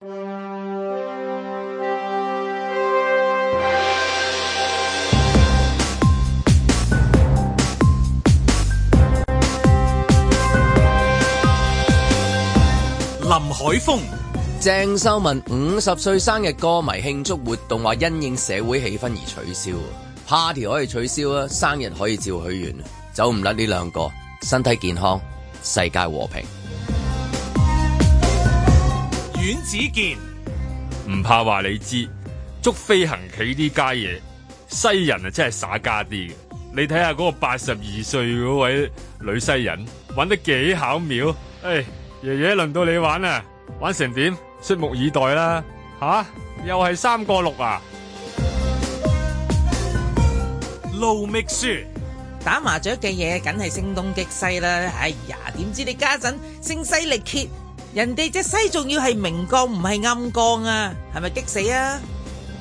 林海峰、鄭秀文五十歲生日歌迷慶祝活動話因應社會氣氛而取消，party 可以取消啊，生日可以照許願，走唔甩呢兩個，身體健康，世界和平。遠子健唔怕話你知，捉飛行棋啲家嘢西人啊，真係耍家啲嘅，你睇下嗰個八十二歲嗰位女西人玩得幾巧妙！哎，爺爺輪到你玩啦，玩成點？拭目以待啦，吓、啊、又係三個六啊！Low mix，打麻雀嘅嘢梗係聲東擊西啦！哎呀，點知你家陣聲嘶力竭。人哋隻西仲要係明光唔係暗光啊，係咪激死啊？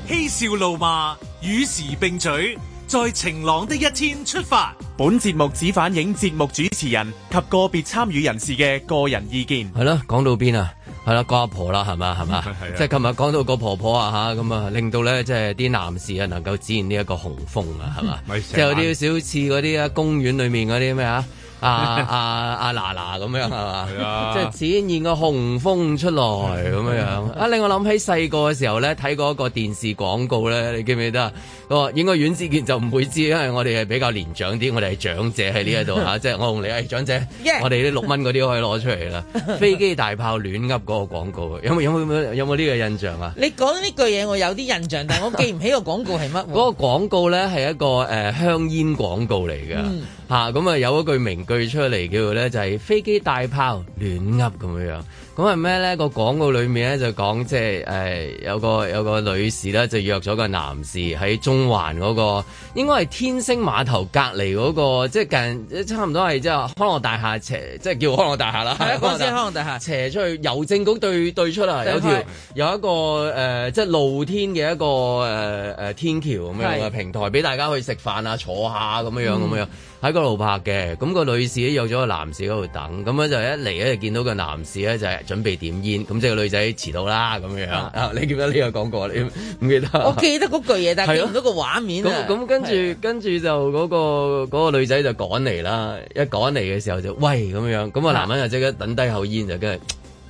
嬉笑怒罵與時並舉，在晴朗的一天出發。本節目只反映節目主持人及個別參與人士嘅個人意見。係啦講到邊、嗯、啊？係啦，個阿婆啦，係嘛，係嘛，即係琴日講到個婆婆啊，吓咁啊，令到咧即係啲男士啊，能夠展現呢一個雄風啊，係嘛，即係有啲小似嗰啲啊，公園裏面嗰啲咩啊。 啊啊啊嗱嗱咁樣係嘛，即、就、係、是、展現個雄風出來咁樣樣啊！令我諗起細個嘅時候咧，睇過一個電視廣告咧，你記唔記得啊？我應該阮子健就唔會知，因為我哋係比較年長啲，我哋係長者喺呢一度嚇，即、啊、係 我同你係、欸、長者，Yeah. 我哋啲六蚊嗰啲可以攞出嚟啦。飛機大炮亂噏嗰個廣告，有冇有冇有冇呢個印象啊？你講呢句嘢，我有啲印象，但係我記唔起個廣告係乜？嗰 個廣告咧係一個誒香煙廣告嚟嘅。嗯咁啊，嗯嗯、有一句名句出嚟叫做咧，就係、是、飛機大炮亂噏咁樣樣。咁係咩咧？個廣告裏面咧就講，即係誒有個有個女士咧就約咗個男士喺中環嗰、嗰個，應該係天星碼頭隔離嗰個，即係近差唔多係即係康樂大廈斜，即係叫康樂大廈啦。講先，康樂大廈斜出去郵政局對對，對出啦是有條是有一個誒、呃、即係露天嘅一個誒、呃呃、天橋咁樣嘅是平台俾大家去食飯啊，坐下咁樣咁樣。嗯喺個路拍嘅，咁個女士咧約咗個男士嗰度等，咁樣就一嚟，咧就見到個男士咧就係準備點煙，咁即係個女仔遲到啦咁樣樣。 你記得呢個講過，你唔記得？我記得嗰句嘢，但係見到個畫面。咁跟住跟住就嗰個個女仔就趕嚟啦，一趕嚟嘅時候就喂咁樣，咁個男人就即刻抌低口煙就跟住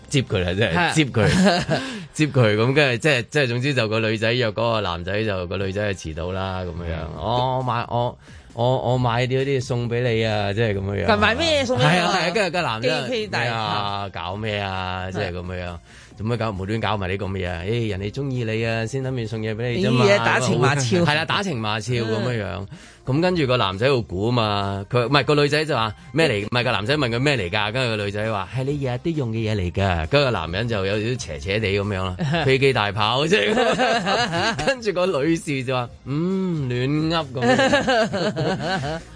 接佢啦，即係接佢 接佢，咁跟住即係即係，咁總之就個女仔約嗰個男仔就個女仔就遲到啦咁樣樣。我買我。我我買啲嗰啲送俾你啊，即係咁樣樣。咁買咩送俾？係啊係啊，跟住個男真係，搞咩啊？即係咁樣樣，做咩搞無端搞埋啲咁嘅嘢？誒，人哋中意你啊，先諗住送嘢俾你啫、啊、嘛、哎。打情罵俏、啊，係啦、啊，打情罵俏咁樣樣。咁跟住個男仔喺度估嘛，佢唔係個女仔就話咩嚟？唔係個男仔問佢咩嚟㗎？跟住個女仔話係你日日都用嘅嘢嚟㗎。跟住個男人就有啲斜斜地咁樣啦，飛機大炮啫。跟住個女士就話：嗯，亂噏咁，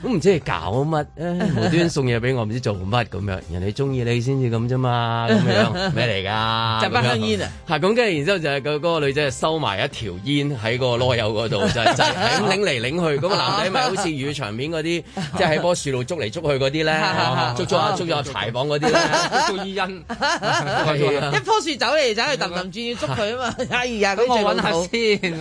咁唔 知係搞乜？誒、哎，無端送嘢俾我，唔知做乜咁樣。人哋中意你先至咁啫嘛，咁樣咩嚟㗎？ 樣就包香煙啊。係咁、啊，跟住然之後就係個嗰個女仔收埋一條煙喺個囉柚嗰度，就係、是、就係，拎嚟拎去。咁個男仔。 好似魚場面嗰啲，即係喺棵樹度捉嚟捉去嗰啲咧，捉咗捉咗柴房嗰啲，捉伊人 一棵樹走嚟走去揼揼轉捉佢啊嘛， 哎呀！咁我揾下先，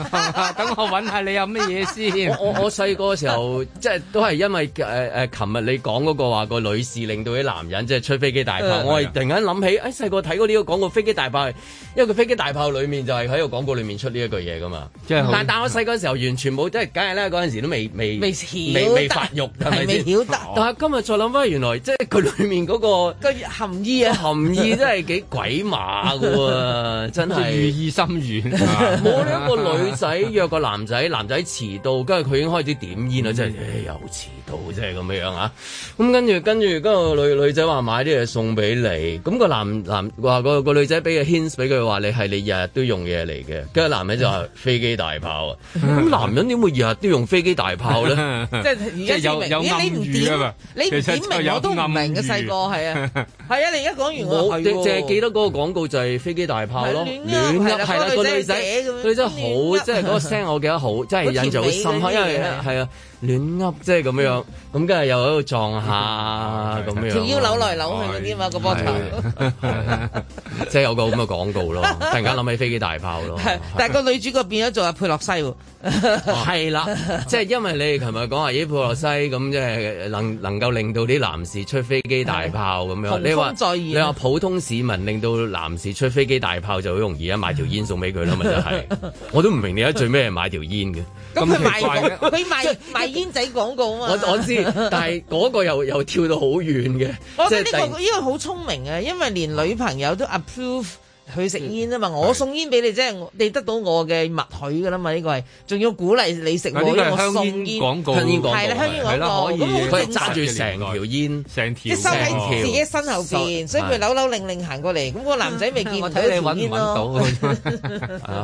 等 我揾下你有乜嘢先？我我細個時候即係都係因為誒、呃、琴日你講嗰個話個女士令到啲男人即係、就是、吹飛機大炮， 我係突然間諗起，誒細個睇過呢個廣告飛機大炮，因為佢飛機大炮裏面就係喺個廣告裏面出呢一句嘢噶嘛，係。但但我細個時候完全冇，即係梗係呢，嗰陣時都未未。未未發育，係咪得？是是但係今日再諗翻，原來即係佢裏面嗰那個那個含義，啊、含義真係幾鬼馬喎，啊！ 真係寓意深遠。冇咗 一個女仔約個男仔，男仔遲到，跟住佢已經開始點煙啦！真係又遲到，真係咁樣啊！咁跟住跟住，嗰個女女仔話買啲嘢送俾你，咁，那個男男話個女仔俾個 hints 俾佢，話你係你日日都用嘢嚟嘅。跟住男人就話 飛機大炮！咁男人點會日日都用飛機大炮咧？ 即係而家點明？咦，你唔點明，你點明我都唔明嘅。細個，係啊，係啊！你而家講完我係喎，淨係記得嗰個廣告就係飛機大炮咯，亂啦，係啦，個女仔，佢真係好，即係嗰個聲我記得好，即係印象好深刻，因為係啊。亂噏即係咁樣，咁跟住又喺度撞下咁樣，條腰扭來扭去嗰啲嘛，個波頭，即係有個咁嘅廣告咯，突然間諗起飛機大炮咯。但係個女主角變咗做阿佩洛西，係啦，即係因為你哋琴日講話咦佩洛西咁，即係能能夠令到啲男士出飛機大炮咁樣，你話你話普通市民令到男士出飛機大炮就好容易啊，買條煙送俾佢咯，咪就係，我都唔明你家最尾係買條煙嘅咁奇怪，佢買買。煙仔廣告啊嘛我，我我知，但係嗰個又 又跳到好遠嘅。我覺得呢個呢、呢個好聰明啊，因為連女朋友都 approve。去食煙啊嘛！我送煙俾你啫，即係你得到我嘅默許㗎啦嘛！呢個係，仲要鼓勵你食。嗱呢個係香煙廣告，香煙廣告。咁好正嘅。佢揸住成條煙，成條。即收喺自己身後邊，所以佢扭扭擰擰行過嚟。咁個男仔未見到。我睇你揾煙咯。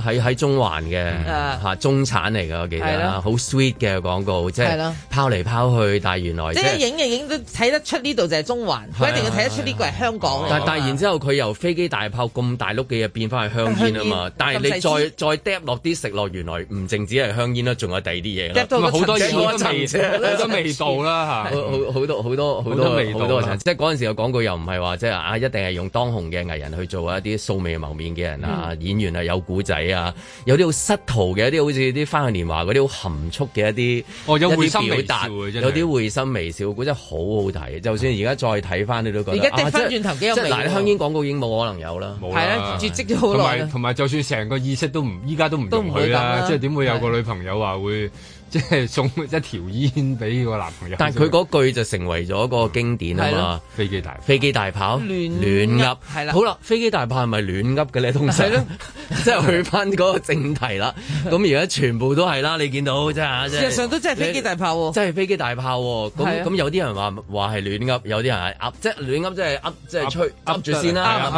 喺喺中環嘅，嚇中產嚟㗎，我記得。係好 sweet 嘅廣告，即係拋嚟拋去，但係原來。即影嘅影都睇得出呢度就係中環，佢一定要睇得出呢個係香港。但但然之後佢由飛機大炮咁大。碌嘅嘢變翻去香煙啊嘛，但係你再再 drop 落啲食落，原來唔淨止係香煙啦，仲有第二啲嘢啦。好多嘢都味嘅，道啦嚇。好好好多好多味道。多，即係嗰陣時嘅廣告又唔係話即係啊，一定係用當紅嘅藝人去做一啲素未謀面嘅人啊，演員啊有古仔啊，有啲好失塗嘅，一啲好似啲《花樣年華》嗰啲好含蓄嘅一啲哦，有會心微笑，有啲會心微笑，真係好好睇。就算而家再睇翻，你都覺得而家即係轉頭幾有味道。嗱，香煙廣告已經冇可能有啦。咗好同埋同埋，嗯、就算成個意識都唔，依家都唔容許啦。啊、即係點會有個女朋友話會。即係送一條煙俾個男朋友，但佢嗰句就成為咗個經典啊嘛！飛機大飛機大炮亂亂噏係啦，好啦，飛機大炮係咪亂噏嘅咧？通常即係去翻嗰個正題啦。咁而家全部都係啦，你見到真係，事實上都真係飛機大炮喎，真係飛機大炮喎。咁咁有啲人話話係亂噏，有啲人係噏，即係亂噏，即係噏，即係吹噏住先啦，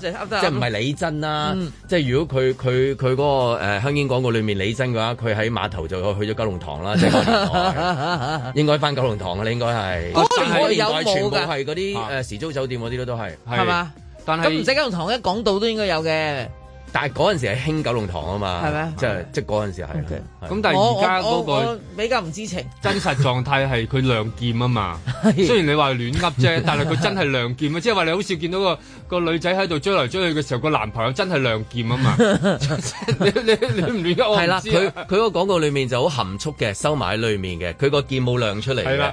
即係唔係李真啦？即係如果佢佢佢嗰個誒香煙廣告裡面李真啊！佢喺碼頭就去咗九龍塘啦 應該返九龍塘啦，應該係嗰個年代全部係嗰啲時租酒店嗰啲咯，都係係嘛？咁唔使九龍塘，一港島都應該有嘅。但係嗰陣時係興九龍塘啊嘛，係咪？即係即係嗰陣時係。咁但係而家嗰個比較唔知情。真實狀態係佢亮劍啊嘛，雖然你話亂噏啫，但係佢真係亮劍啊，即係話你好少見到個個女仔喺度追來追去嘅時候，個男朋友真係亮劍啊嘛。你你你唔亂噏，係啦，佢佢個廣告裡面就好含蓄嘅，收埋喺裏面嘅，佢個劍冇亮出嚟嘅。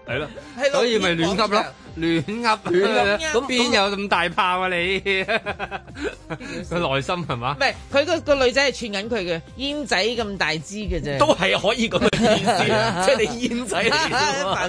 係咯，所以咪亂噏咯，亂噏亂嘅，咁邊有咁大炮啊你？個 內心係嘛？唔係，佢個個女仔係串緊佢嘅煙仔咁大支嘅啫。都係可以咁意思，即係你煙仔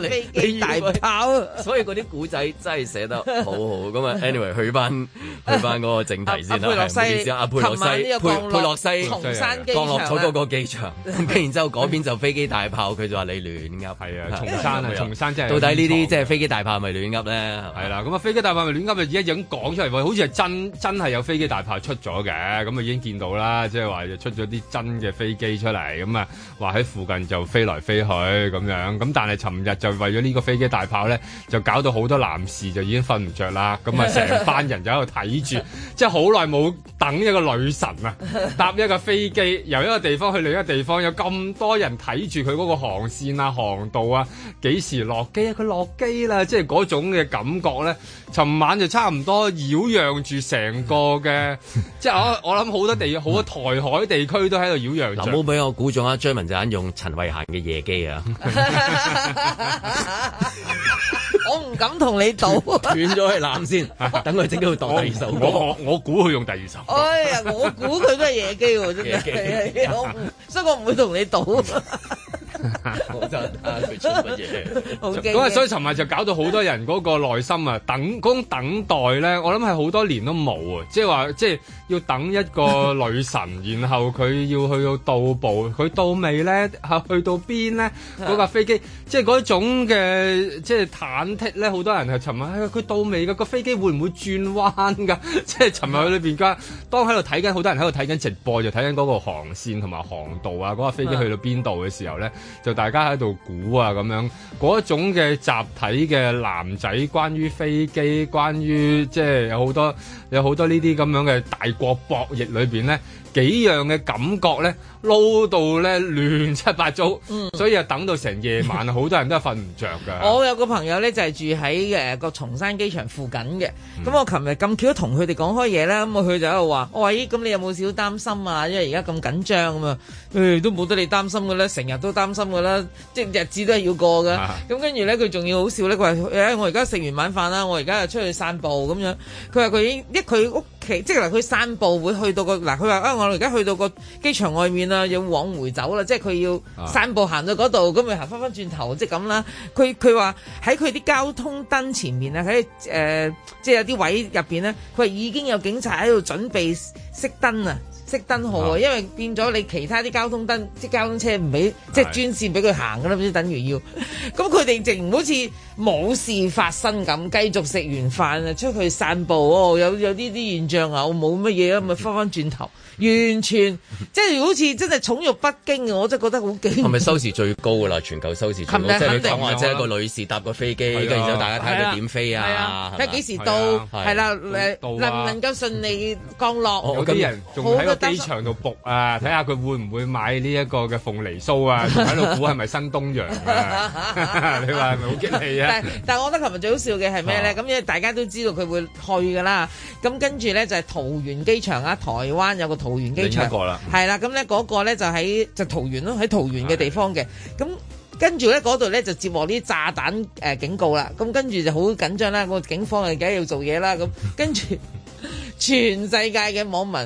飛機大、啊、 你大炮，所以嗰啲古仔真係寫得好好。咁啊 ，anyway，去翻去翻嗰個正題先啦。阿、啊、佩洛西、啊啊、佩洛西，降落到嗰個機場，跟住然之後嗰邊就飛機大炮，佢就話你亂噏。係啊， 重山啊，重山。 重山到底呢啲即係飛機大炮係咪亂噏咧？係啦，咁啊飛機大炮咪亂噏，咪而家講出嚟好似係真真係有飛機大炮出咗嘅，咁啊已經見到啦，即係話就出咗啲真嘅飛機出嚟，咁啊話喺附近就飛來飛去咁樣，咁但係尋日就為咗呢個飛機大炮咧，就搞到好多男士就已經瞓唔着啦，咁啊成班人就喺度睇住， 即係好耐冇等一個女神啊搭一個飛機由一個地方去另一個地方，有咁多人睇住佢嗰個航線啊航道啊幾時落。落機啊！佢落機啦，即係嗰種嘅感覺咧。尋晚就差唔多擾攘住成個嘅， 即係我我諗好多地，好 多台海地區都喺度擾攘。唔好俾我估中啊張文就用陳慧嫻嘅夜機啊！我唔敢同你賭，斷咗係攬先，等佢整到當第二首。我我估佢用第二首。 哎呀，我估佢都係夜機喎，真係夜機， 所以我唔會同你賭。 真啊！佢乜嘢？咁啊，所以尋日就搞到好多人嗰個內心啊，等嗰、那個、等待咧，我諗係好多年都冇啊，即係話即係要等一個女神， 然後佢要去到到步，佢到未咧？吓去到邊咧？嗰、那、架、個、飛機、啊，即係嗰種嘅，即係忐忑咧。好多人係尋日，佢、哎、到未噶？那個飛機會唔會轉彎噶？ 即係尋日喺裏邊間，當喺度睇緊，好多人喺度睇緊直播，就睇緊嗰個航線同埋航道啊，嗰、那個飛機去到邊度嘅時候咧？ 就大家喺度估啊，咁樣嗰種嘅集體嘅男仔，關於飛機，關於即係有好多有好多呢啲咁樣嘅大國博弈裏邊咧。幾樣嘅感覺咧，撈到咧亂七八糟，嗯、所以啊等到成夜晚，好 多人都係瞓唔着㗎。我有個朋友咧就係、是、住喺誒、呃、個松山機場附近嘅，咁、嗯嗯、我琴日咁巧同佢哋講開嘢啦，咁佢就喺度話：喂、哎，咁你有冇少擔心啊？因為而家咁緊張啊嘛，哎、都冇得你擔心㗎啦，成日都擔心㗎啦，即日子都係要過㗎。咁跟住咧佢仲要好笑咧，佢話、哎、我而家食完晚飯啦，我而家又出去散步咁樣。佢話佢已經一佢屋企即係佢散步會去到個嗱佢話我而家去到個機場外面啦，要往回走啦，即係佢要散步行到嗰度，咁咪行翻翻轉頭，即係咁啦。佢佢話喺佢啲交通燈前面啊，喺誒、呃，即係有啲位入邊咧，佢話已經有警察喺度準備熄燈啊，熄燈號喎，因為變咗你其他啲交通燈，即係交通車唔俾是，即係專線俾佢行噶啦，即等於要咁，佢哋淨好似冇事發生咁，繼續食完飯啊，出去散步哦，有有呢啲現象啊，我冇乜嘢啊，咪翻翻轉頭。完全即係好似真係寵辱不驚，我真係覺得好驚。係咪收視最高噶啦？全球收視，琴日肯定即係一個女士搭個飛機，跟住大家睇佢點飛啊？係啊，睇幾時到？係啦，能唔能夠順利降落？有啲人仲喺個機場度撲啊，睇下佢會唔會買呢一個嘅鳳梨酥啊？仲喺度估係咪新東陽。你話係咪好激氣啊？但係，但係我覺得琴日最好笑嘅係咩咧？咁因為大家都知道佢會去噶啦，咁跟住咧就係桃園機場啦，台灣有個。桃園機場係啦，咁咧嗰個咧、嗰個、就喺就桃園咯，喺桃園嘅地方嘅，咁的跟住咧嗰度咧就接獲啲炸彈誒、呃、警告啦，咁跟住就好緊張啦，嗰個警方啊梗係要做嘢啦，咁跟住 全世界嘅網民。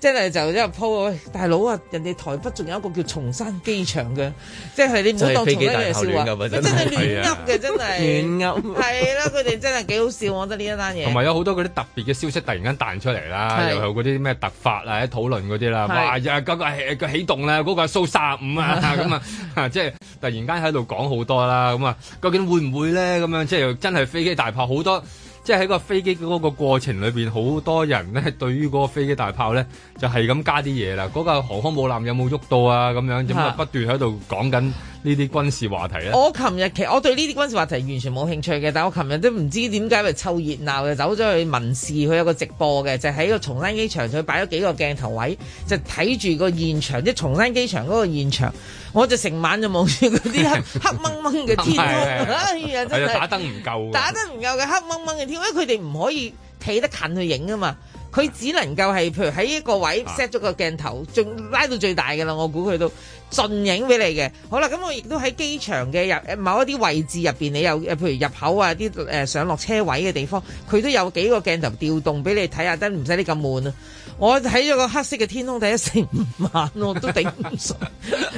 即係就一路 p、哎、大佬啊！人哋台北仲有一個叫松山機場嘅，即係你唔好當自己機場笑話，真係亂噏嘅、啊，真係亂噏。係咯，佢哋真係幾好笑，我覺得呢一單嘢。同埋有好多嗰啲特別嘅消息突然間彈出嚟啦，又有嗰啲咩突發啊，喺討論嗰啲啦，話又嗰個起個起動咧，嗰個收三五啊咁啊，即係突然間喺度講好多啦，咁啊究竟會唔會咧？咁樣即係真係飛機大炮好多。即係喺個飛機嗰個過程裏面，好多人咧對於嗰個飛機大炮咧，就係咁加啲嘢啦。嗰個航空母艦有冇喐到啊？咁樣咁就不斷喺度講緊。呢啲軍事話題咧，我琴日其實我對呢啲軍事話題完全冇興趣嘅，但我琴日都唔知點解咪湊熱鬧嘅，走咗去民視佢有個直播嘅，就喺、是、個松山機場佢擺咗幾個鏡頭位，就睇住個現場，即係松山機場嗰個現場，我就成晚就望住嗰啲黑 黑掹掹嘅天空， 的 真打燈唔夠，打得唔夠嘅黑掹掹嘅天，因為佢哋唔可以企得近去影啊嘛。佢只能夠係譬如喺一個位 set 咗個鏡頭，仲拉到最大㗎啦，我估佢都盡影俾你嘅。好啦，咁我亦都喺機場嘅入某一啲位置入面。你有譬如入口啊啲上落車位嘅地方，佢都有幾個鏡頭調動俾你睇下，得唔使你咁悶啊！我睇咗個黑色嘅天空睇一城五晚咯，都頂唔順， 啊、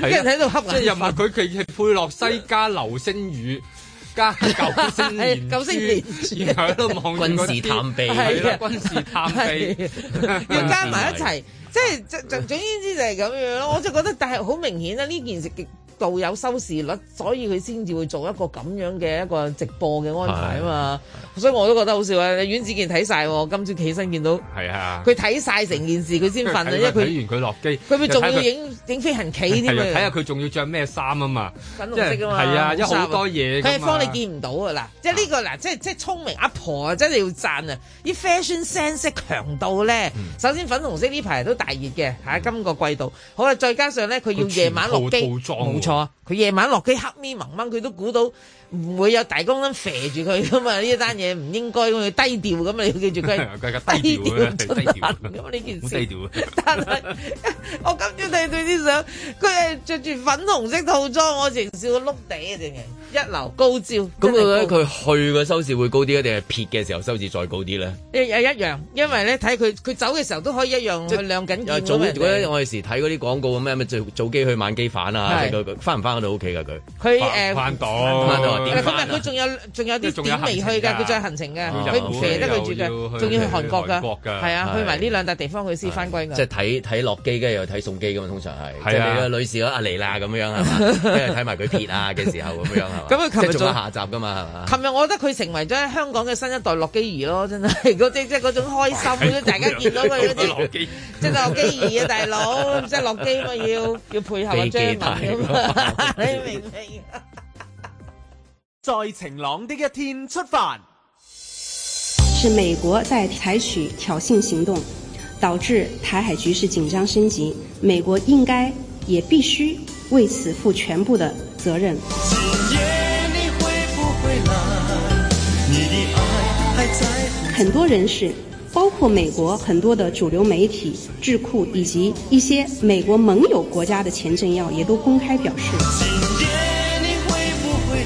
跟即係睇到黑即係入埋佢佢係配落西加流星雨。加九星九 星連珠喺度望 軍事探秘係咯啦 軍事探秘 要加埋一齊 即係就總之就係咁樣咯，我就覺得，但係好明顯啦，呢件事極就有收視率，所以佢先至會做一個咁樣嘅一個直播嘅安排啊嘛，所以我都覺得好笑啊！你阮子健睇晒喎，今朝起身見到，係啊，佢睇晒成件事佢先瞓啊，因為佢睇完佢落機，佢會仲要影影飛行棋添，睇下佢仲要着咩衫啊嘛，粉紅色啊嘛，係啊，有好多嘢，佢係幫你見唔到啊嗱，即係呢個嗱，即係即係聰明阿婆啊，真係要讚啊！啲 fashion sense 強到咧，首先粉紅色呢排都大熱嘅，喺今個季度，好啦，再加上咧佢要夜晚落機，佢夜晚落機，黑咪蒙蒙，佢都估到。唔會有大公咁肥住佢㗎嘛？呢單嘢唔應該咁去 低調咁啊！你要記住佢，佢低調 低調咁，呢件事低調 但真係我今朝睇到啲相，佢係着住粉紅色套裝，我直笑到碌地啊！成日一流高照咁啊！佢去嘅收視會高啲啊？定係撇嘅時候收視再高啲咧？一樣，因為咧睇佢，佢走嘅時候都可以一樣去晾緊。早我有時睇嗰啲廣告咁咩，早機去晚機返啊？翻唔翻我哋屋企㗎佢？佢誒翻到翻他、呃、到。今日佢仲有仲有啲點未去㗎，佢再行程嘅，佢唔肥得唔捨得佢住嘅，仲要去韓國㗎，係啊，去埋呢兩笪地方佢先翻歸㗎。即係睇睇落機，跟住又睇送機㗎嘛，通常係。係啊。女士嗰阿妮娜咁樣係嘛，跟住睇埋佢撇啊嘅時候咁樣係咁佢琴日做下集㗎嘛。琴日我覺得佢成為咗香港嘅新一代樂基兒咯，真係嗰即係嗰種開心，大家見到佢嗰啲，即係樂基兒啊大佬，即係樂基嘛要要配合阿張文咁啊，你明唔明？在晴朗的一天出發，是美國在採取挑釁行動，導致台海局勢緊張升級。美國應該也必須為此負全部的責任。很多人士，包括美國很多的主流媒體、智庫以及一些美國盟友國家的前政要，也都公開表示。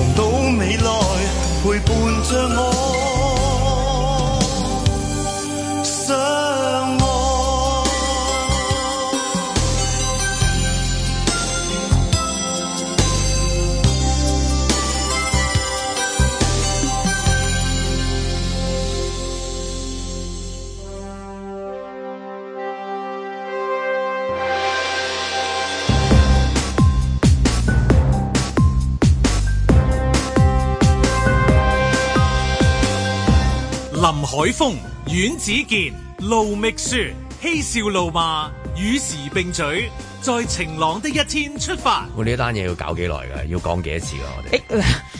同到未來，陪伴着我。林海峰、阮子健、盧覓雪，嬉笑怒罵，與時並舉。在晴朗的一天出發。我呢單嘢要搞幾耐噶？要講幾多次啊？我哋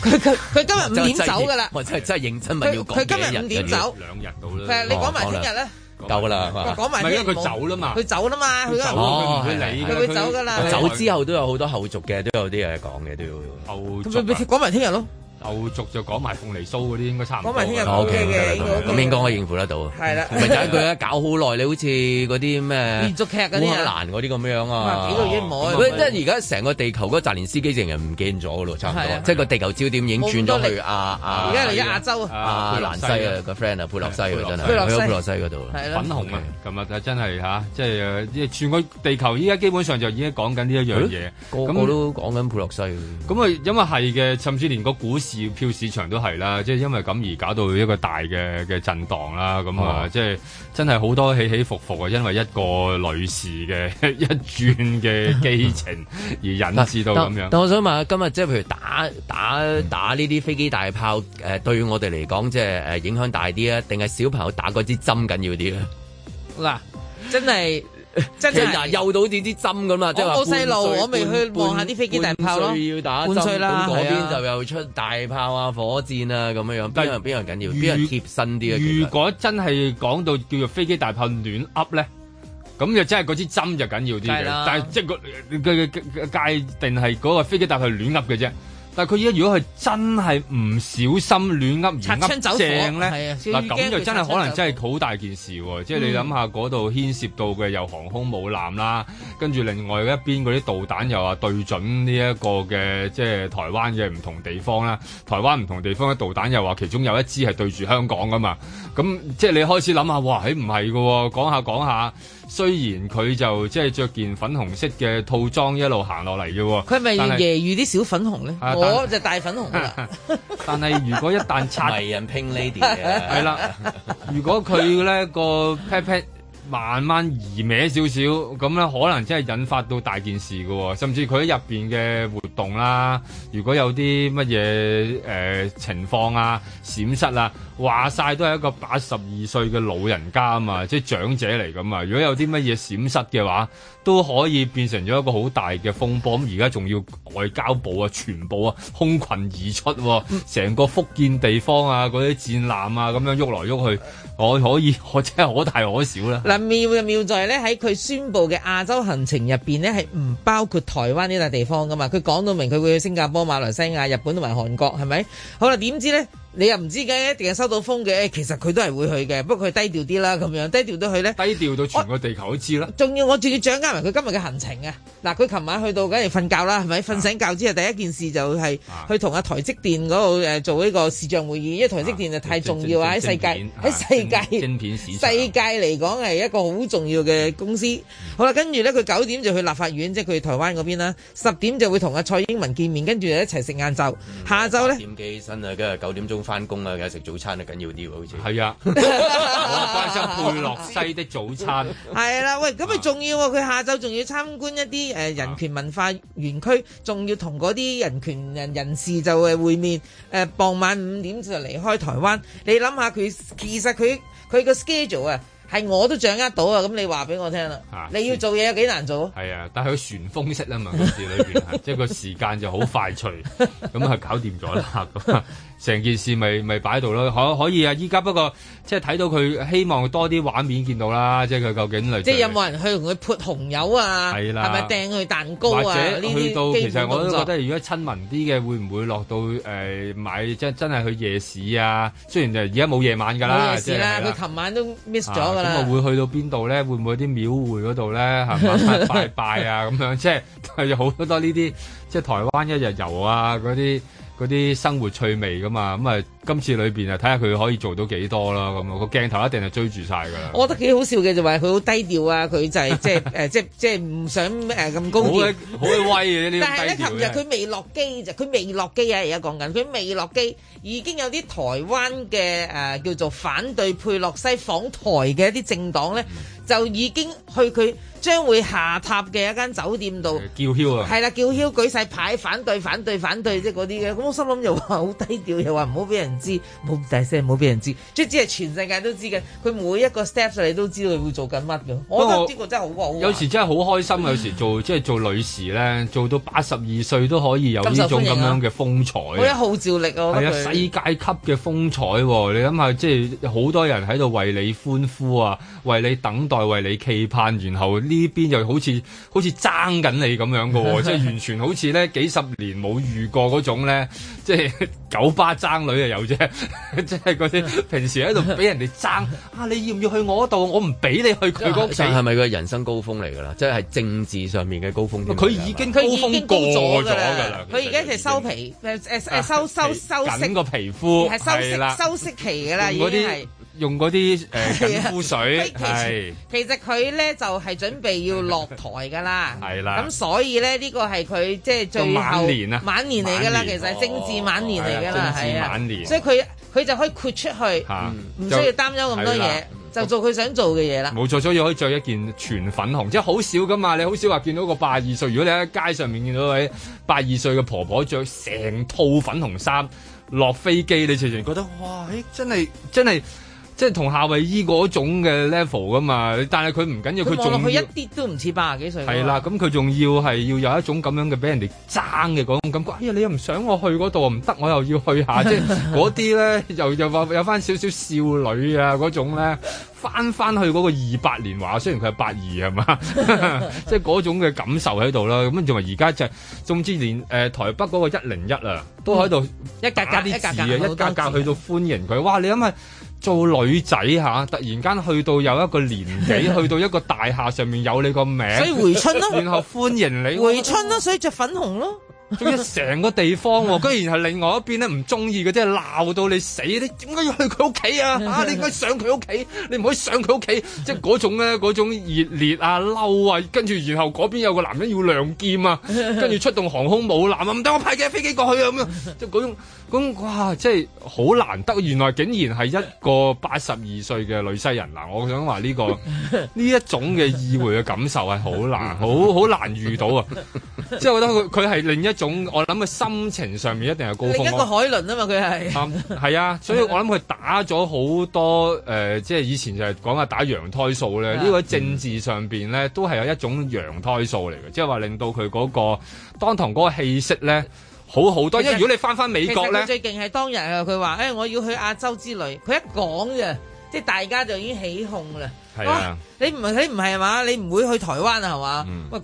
佢佢佢今日五點走噶啦。我真係真係認真問，要講幾佢今日五點走，兩日到啦。你講埋聽日咧？夠啦。講埋聽日冇。佢走啦嘛？佢走啦嘛？佢今日冇佢嚟，佢會走噶啦。走之後都有好多後續嘅，都有啲嘢講嘅都要。後續講埋聽日咯。後續就講埋鳳梨酥嗰啲應該差唔多，O K 嘅，咁應該可以應付得到。係啦，唔係一句搞好耐，你好似嗰啲咩建築劇嗰啲嗰啲咁樣啊，幾套嘢冇。喂，即係而家成個地球個澤連斯基，成日唔見咗咯，差唔多。即係個地球焦點已經轉咗去亞亞，而家嚟咗亞洲啊，佩西啊，個 friend 啊，佩洛西啊，真係去咗佩洛西嗰度，粉紅啊！琴日就真係吓，即係轉即係全個地球依家基本上就已經講緊呢一樣嘢，咁我都講緊佩洛西。咁啊，因為係嘅，甚至連個股市。票市場都係啦，即係因為咁而搞到一個大嘅嘅震盪啦，咁啊，即係真係好多起起伏伏啊，因為一個女士嘅一轉嘅基情而引致到咁樣 但但。但我想問下，今日即係譬如打打打呢啲飛機大炮，誒，對我哋嚟講即係誒影響大啲啊，定係小朋友打嗰支針緊要啲咧？嗱，真係。即係嗱，幼到啲啲針咁啊！即係話細路，我未去望下啲飛機大炮咯。要打針啦。咁嗰邊就又出大炮啊、火箭啊咁樣樣。邊樣邊樣緊要？邊樣貼身啲啊？如果真係講到叫做飛機大炮亂噏咧，咁就真係嗰支針就緊要啲嘅。但係即係個個界定係嗰個飛機大炮亂噏嘅啫。但佢而家如果係真係唔小心亂噏而擦槍走火咧，嗱咁呢、啊、就真係可能真係好大件事喎、啊！嗯、即係你諗下，嗰度牽涉到嘅又航空母艦啦，跟住、嗯、另外一邊嗰啲導彈又話對準呢一個嘅即係台灣嘅唔同地方啦，台灣唔同地方嘅導彈又話其中有一支係對住香港噶嘛，咁即係你開始諗下，哇！誒唔係喎？講下講下。雖然佢就即係着件粉紅色嘅套裝一路行落嚟啫喎，佢係咪要夜遇啲小粉紅咧？是我就大粉紅啦、啊。啊、 但係如果一旦拆，迷人 pink lady 嘅、啊、係啦。 如果佢咧個 pat pat 慢慢移歪少少，咁咧可能真係引發到大件事㗎喎，甚至佢喺入邊嘅活動啦，如果有啲乜嘢誒情況啊閃失啊，話晒都係一個八十二歲嘅老人家啊嘛，即係長者嚟咁啊，如果有啲乜嘢閃失嘅話，都可以變成咗一個好大嘅風波，咁而家仲要外交部啊、全部啊空群而出，啊，成個福建地方啊嗰啲戰艦啊咁樣喐來喐去，我可以我真係可大可小啦。嗱，妙嘅妙在咧喺佢宣布嘅亞洲行程入邊咧，係唔包括台灣呢笪地方噶嘛，佢講到明佢會去新加坡、馬來西亞、日本同埋韓國，係咪？好啦，點知咧？你又唔知嘅，一定係收到風嘅。其實佢都係會去嘅，不過佢低調啲啦，咁樣低調到去咧。低調到全個地球都知啦。仲要我仲要掌握埋佢今日嘅行程啊！嗱、啊，佢琴晚去到梗係瞓覺啦，係咪？瞓醒覺之後第一件事就係去同阿台積電嗰度做呢個視像會議，因為台積電就太重要喺、啊、世界喺、啊、世界世界嚟講係一個好重要嘅公司。好啦，跟住咧佢九點就去立法院，即係佢去台灣嗰邊啦。十點就會同阿蔡英文見面，跟住就一齊食晏晝。嗯、下晝咧，點幾起身啊？今日九點鐘。翻工啊，有食早餐啊，緊要啲喎，好似係啊，我關心佩洛西的早餐係啦、 啊，喂，咁佢重要喎、啊，佢下晝仲要參觀一啲誒、呃、人權文化園區，仲要同嗰啲人權人人士就係會面。誒、呃，傍晚五點就離開台灣。你諗下佢其實佢佢個 schedule 啊，係我都掌握到啊。咁你話俾我聽啦，你要做嘢有幾難做？係啊，但係佢旋風式啦、啊、嘛，件事裏邊，即係個時間就好快脆，咁係 搞掂咗啦。 成件事咪咪擺喺度咯，可以可以啊！依家不過即係睇到佢希望多啲畫面見到啦，即係佢究竟嚟。即係有冇人去同佢潑紅油啊？係啦的，係咪掟佢蛋糕啊？或者去到其實我都覺得，如果親民啲嘅，會唔會落到誒、呃、買即係真係去夜市啊？雖然就而家冇夜晚㗎啦，即係啦。佢琴、就是、晚都 miss 咗㗎啦。咁咪、啊、會去到邊度咧？會唔會啲廟會嗰度咧？係嘛，拜拜啊咁 樣，即係有好多多呢啲，即係台灣一日遊啊嗰啲。嗰啲生活趣味噶嘛，咁啊今次裏邊啊睇下佢可以做到幾多啦，咁啊個鏡頭一定係追住曬噶啦。我覺得幾好笑嘅就係佢好低調啊，佢就係即係誒即係即係唔想誒咁高調。好威好威啊！呢啲但係咧，琴日佢未落機啫，佢未落機啊！而家講緊佢未落機，已經有啲台灣嘅誒叫做反對佩洛西訪台嘅一啲政黨咧，就已經去佢。將會下榻嘅一間酒店度叫囂啊！係啦，叫囂，舉晒牌，反對，反對，反對，即係嗰啲嘅。咁我心諗又話好低調，又話唔好俾人知，唔好大聲，唔好俾人知。即係只係全世界都知嘅，佢每一個 step 你都知道佢會做緊乜嘅。我覺得呢個真係好，有時真係好開心、嗯、有時做即係做女士咧，做到八十二歲都可以有呢種咁樣嘅風采。嗰、啊、一號召力啊！係啊，世界級嘅風采、啊。你諗下，即係好多人喺度為你歡呼啊，為你等待，為你期盼，然後。呢邊又好似好似爭緊你咁樣嘅喎，即係 完全好似咧幾十年冇遇過嗰種咧，即係酒吧爭女又有啫，即係嗰啲平時喺度俾人哋爭 啊！你要唔要去我嗰度？我唔俾你去佢嗰個。係咪佢人生高峰嚟㗎啦？即係政治上面嘅高峰點佢已經佢已經高峰過咗㗎啦，佢而家係收皮誒誒經、啊、收收收緊個皮膚，係啦，了收息期㗎啦，已經係。用嗰啲誒護膚水其實佢咧就係準備要落台噶啦，係啦，咁所以咧呢個係佢即係最晚年啦，晚年嚟噶啦，其實政治晚年嚟噶啦，晚年所以佢佢就可以豁出去，唔需要擔憂咁多嘢，就做佢想做嘅嘢啦。冇錯，所以可以着一件全粉紅，即係好少噶嘛。你好少話見到個八二歲，如果你喺街上面見到位八二歲嘅婆婆着成套粉紅衫落飛機，你直情覺得哇！真係真係。即係同夏威夷嗰種嘅 level 噶嘛，但係佢唔緊要，佢仲，佢一啲都唔似八廿幾歲。係啦，咁佢仲要係要有一種咁樣嘅俾人哋爭嘅嗰種感覺。哎呀，你又唔想我去嗰度，唔得，我又要去下。即係嗰啲咧，又又話有翻少少少女啊嗰種咧，翻翻去嗰個二八年華，雖然佢係八二係嘛，即係嗰種嘅感受喺度啦。咁啊，仲話而家就係，總之連誒、呃、台北嗰個一零一啊，都喺度一、嗯、一格格啲格格，一格格，一格格去到歡迎佢。啊、哇，你諗下。做女仔吓，突然間去到有一個年紀去到一個大廈上面有你個名， 所以回春咯、啊，然後歡迎你 回春咯、啊，所以著粉紅咯。一成個地方喎，居然係另外一邊咧唔中意嘅，即係鬧到你死，你點解要去佢屋企啊？啊，你唔該上佢屋企，你唔可以上佢屋企，即係嗰種咧，嗰種熱烈啊、嬲啊，跟住然後嗰邊有個男人要亮劍啊，跟住出動航空母艦啊，唔得，我派架飛機過去啊咁樣，即係嗰種咁哇，即係好難得，原來竟然係一個八十二歲嘅女西人嗱，我想話呢、呢個呢 一種嘅意會嘅感受係好難，好好難遇到啊。 即係覺得佢佢係另一種，我諗佢心情上面一定係高峯、啊。另一個海倫啊嘛，佢係係啊，所以我諗佢打咗好多誒、呃，即係以前就係講下打羊胎素咧。呢、啊、個政治上邊咧都係有一種羊胎素嚟嘅，即係話令到佢嗰、那個當堂嗰個氣息咧好好多。因為實如果你翻翻美國咧，最勁係當日啊，佢話誒我要去亞洲之旅，佢一講嘅即係大家就已經起哄啦。係啊，是啊你唔係你唔係啊嘛？你唔會去台灣啊係嘛？梗咁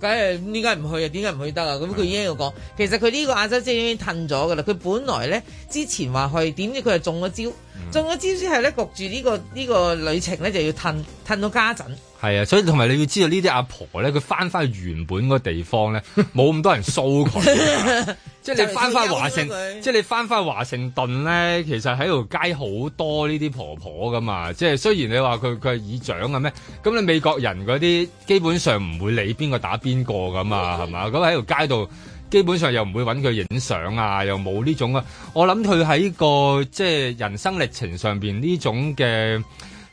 點解唔去,去啊？點解唔去得啊？咁佢已經要講，其實佢呢個亞洲先已經褪咗㗎啦。佢本來咧之前話去，點知佢係中咗招，嗯、中咗招之後咧焗住呢、這個呢、這個旅程咧就要褪褪到家陣。係啊，所以同埋你要知道呢啲阿婆咧，佢翻翻原本個地方咧，冇咁 多人騷佢。 即係你翻翻華盛，即係你翻翻華盛頓咧，其實喺條街好多呢啲婆婆噶嘛。即係雖然你話佢佢係倚長嘅咩，咁你美國人嗰啲基本上唔會理邊個打邊個㗎嘛，係嘛？ 咁喺條街度基本上又唔會揾佢影相啊，又冇呢種啊。我諗佢喺個即係人生歷程上面呢種嘅。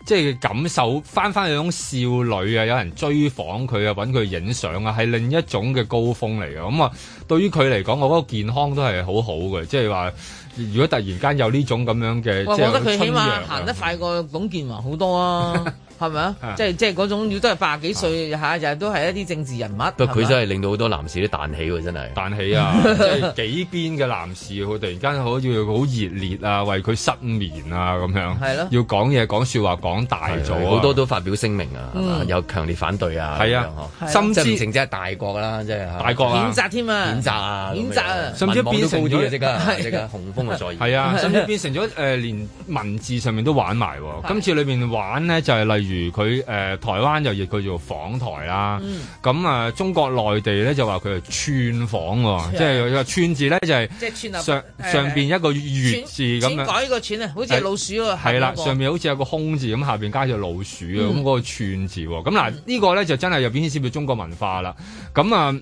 即係感受翻翻嗰種少女啊！有人追訪佢啊，揾佢影相啊，係另一種嘅高峰嚟嘅。咁、嗯、啊，對於佢嚟講，我覺得健康都係好好嘅，即係話。如果突然間有呢種咁樣嘅，我覺得佢起碼行得快過董建華好多啊，係咪啊？即係即係嗰種，要都係八啊幾歲，下就係都係一啲政治人物。不過佢真係令到好多男士都彈起喎，真係彈起啊！即係幾邊嘅男士，佢突然間好似好熱烈啊，為佢失眠啊咁樣。係咯，要講嘢講説話講大咗，好多都發表聲明啊，有強烈反對啊，係啊，甚至成即係大國啦，即係大國啊，譴責添啊，譴責啊，譴責啊，甚至變成咗紅。係啊，甚至變成咗誒，連文字上面都玩埋。今次裏邊玩咧，就係例如佢誒，台灣就譯佢做訪台啦。咁啊，中國內地咧就話佢係串訪，即係串字咧就係上上邊一個月字咁樣。改個串啊，好似老鼠啊。係啦，上面好似有個空字咁，下邊加隻老鼠啊，咁嗰個串字。咁嗱，呢個咧就真係又顯示中國文化啦。咁啊。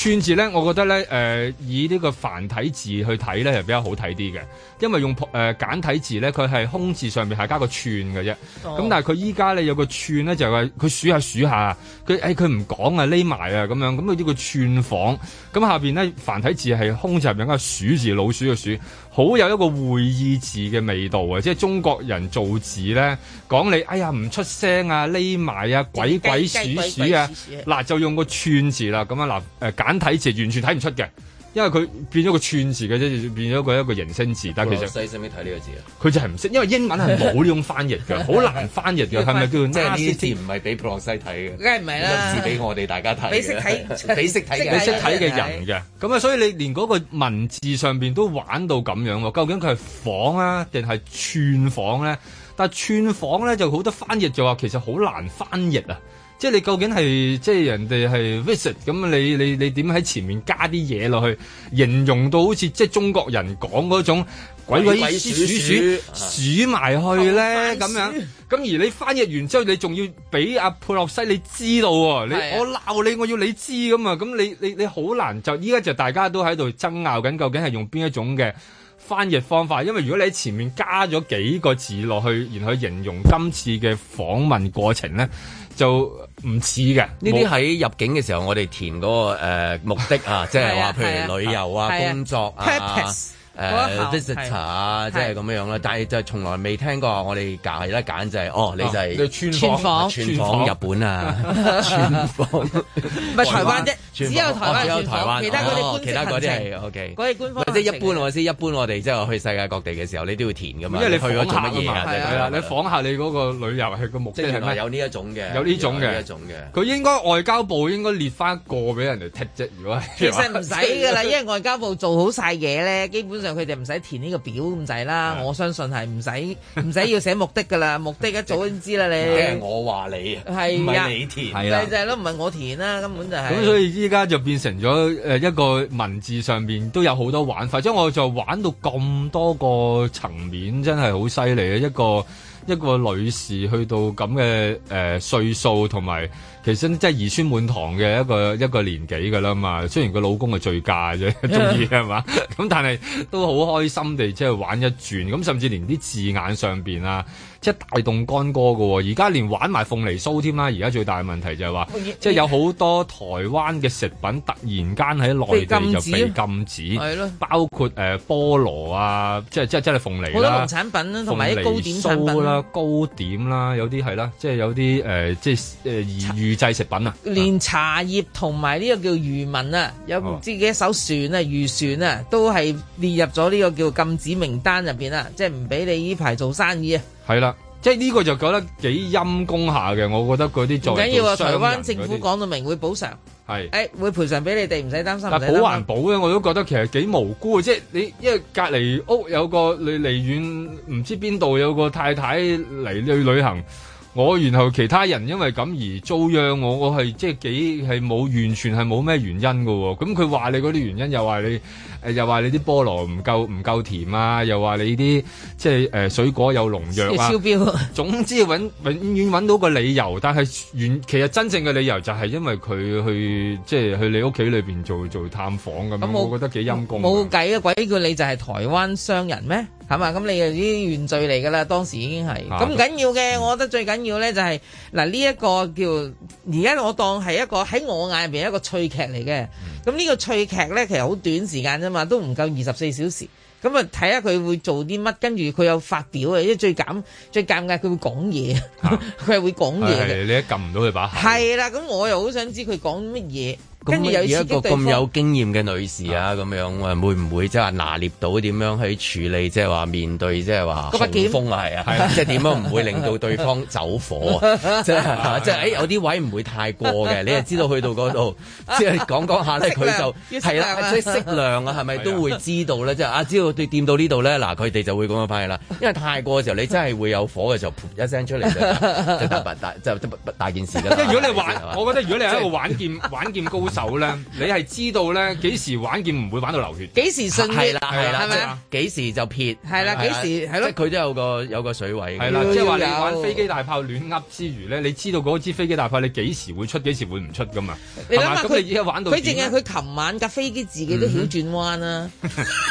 串字咧，我覺得咧，誒、呃、以呢個繁體字去睇咧，係比較好睇啲嘅，因為用誒、呃、簡體字咧，佢係空字上面係加個串嘅啫。咁、哦、但係佢依家咧有個串咧，就係話佢數下數下，佢誒佢唔講啊，匿埋啊咁樣，咁佢呢個串房，咁下面咧繁體字係空字入面個鼠字老鼠嘅鼠。好有一個會意字嘅味道啊！即係中國人造字咧，講你哎呀唔出聲啊，匿埋啊，鬼鬼祟祟啊，嗱、啊啊、就用個串字啦。咁啊嗱，誒簡體字完全睇唔出嘅。因為佢變咗個串字嘅啫，變咗個一個形聲字，但其實普羅西識唔識睇呢個字啊？佢就係唔識，因為英文係冇呢種翻譯嘅，好 難翻譯嘅。係咪 叫即係呢啲字唔係俾普羅西睇嘅？梗係唔係啦。字俾我哋大家睇嘅。俾識睇，俾識睇嘅，俾識睇嘅人嘅。咁啊，所以你連嗰個文字上邊都玩到咁樣喎。究竟佢係仿啊，定係串仿咧？但係串仿咧就好多翻譯就話其實好難翻譯啊。即係你究竟係即係人哋係 visit 咁，你你你點喺前面加啲嘢落去，形容到好似即係中國人講嗰種鬼鬼鼠鼠鼠埋去咧咁的樣。咁而你翻譯完之後，你仲要俾阿佩洛西你知道喎。你的我鬧你，我要你知咁啊！咁你你你好難就依家就大家都喺度爭拗緊，究竟係用邊一種嘅翻譯方法？因為如果你前面加咗幾個字落去，然後去形容今次嘅訪問過程咧。就唔似嘅，呢啲喺入境嘅時候我、那個，我哋填嗰個誒目的啊，即係話譬如旅遊啊、 工作啊。 啊誒 visitor 啊，即係咁樣樣啦，但係就從來未聽過我哋搞一解就係哦，你就係訪，日本啊，訪唔係台灣啫，只有台灣，只有台灣，其他嗰啲其他嗰啲係 OK，嗰啲官方即係一般，我先一般，我哋即係去世界各地嘅時候，你都要填㗎嘛，因為你去咗做乜嘢你訪下你嗰個旅遊係個目的係咩？有呢一種嘅，有呢種嘅，一種嘅，佢應該外交部應該列翻個俾人哋踢啫。如果係，其實唔使㗎啦，因為外交部做好晒嘢咧，基本上。佢哋唔使填呢個表咁滯啦，我相信係唔使唔使要寫目的噶啦， 目的一早就知啦你。我話你啊，係唔係你填？係啦，就係咯，唔係我填啦，根本就係、是。咁、嗯、所以依家就變成咗誒一個文字上邊都有好多玩法，即、就、將、是、我就玩到咁多個層面，真係好犀利嘅一個。一個女士去到咁嘅誒歲數，同埋其實即係兒孫滿堂嘅一個一個年紀㗎啦嘛。雖然佢老公係醉駕啫，中意係嘛。咁 但係都好開心地即係玩一轉，咁甚至連啲字眼上面啊～即係大動干戈㗎喎，而家連玩埋鳳梨酥添啦。而家最大嘅問題就係話，即係有好多台灣嘅食品突然間喺內地就被禁止，係咯、啊，包括、呃、菠蘿啊，即係即係即係鳳梨好多農產品同埋啲糕點產品啦、啊，糕點啦，有啲係啦，即係有啲、呃、即係誒、呃、茶預製食品啊，連茶葉同埋呢個叫漁民啊，有自己一艘船啊，漁船啊，都係列入咗呢個叫禁止名單入邊啦，即係唔俾你呢排做生意啊。係啦，即係呢個就覺得幾陰功下嘅，我覺得嗰啲唔緊要啊！台灣政府講到明會補償，係誒是、哎、會賠償俾你哋，唔使擔心。好保環保咧，我都覺得其實幾無辜啊！即係你因為隔籬屋有個你離遠唔知邊度有個太太嚟，去旅行，我然後其他人因為咁而遭殃，我我係即係幾係冇完全係冇咩原因喎。咁佢話你嗰啲原因又話你。又話你啲菠蘿唔夠唔夠甜啊！又話你啲即係誒水果有農藥啊！超標，總之要永，永遠揾到個理由，但係原其實真正嘅理由就係因為佢去即係去你屋企裏邊做做探訪咁。咁沒我覺得幾陰功。冇計啊！鬼叫你就係台灣商人咩？係嘛？咁你又啲原罪嚟噶啦！當時已經係。咁唔緊要嘅，嗯、我覺得最緊要咧就係嗱呢一個叫而家我當係一個喺我眼入邊一個趣劇嚟嘅。咁呢個趣劇咧，其實好短時間啫嘛，都唔夠二十四小時。咁啊，睇下佢會做啲乜，跟住佢有發表啊，因為最尷最尷尬佢會講嘢，佢係行 會講嘢。你一撳唔到佢把口。係啦，咁我又好想知佢講乜嘢。咁以一個咁有經驗嘅女士啊，咁樣會會唔會即係拿捏到點樣去處理？即係話面對即係話狂風啊，係啊，即係點樣唔會令到對方走火？即係即係誒，有啲位唔會太過嘅，你係知道去到嗰度，即係講講下呢，佢就係啦，即係適量啊，係咪都會知道呢？即係啊，只要掂到呢度呢，嗱，佢哋就會咁樣翻去啦。因為太過嘅時候，你真係會有火嘅時候，噗一聲出嚟就大就就就就就就大件事。就就如果你玩，我覺得如果你喺度玩劍玩劍高。手咧，你係知道咧幾時玩件唔會玩到流血，幾時順啲，係啦，係啦，係咪？幾時就撇，係啦，幾時係咯？即係佢都有個有個水位嘅。係啦，即係話你玩飛機大炮亂噏之餘咧，你知道嗰支飛機大炮你幾時會出，幾時會唔出噶嘛？係嘛？咁你而家玩到佢淨係，佢琴晚架飛機自己都曉轉彎啦，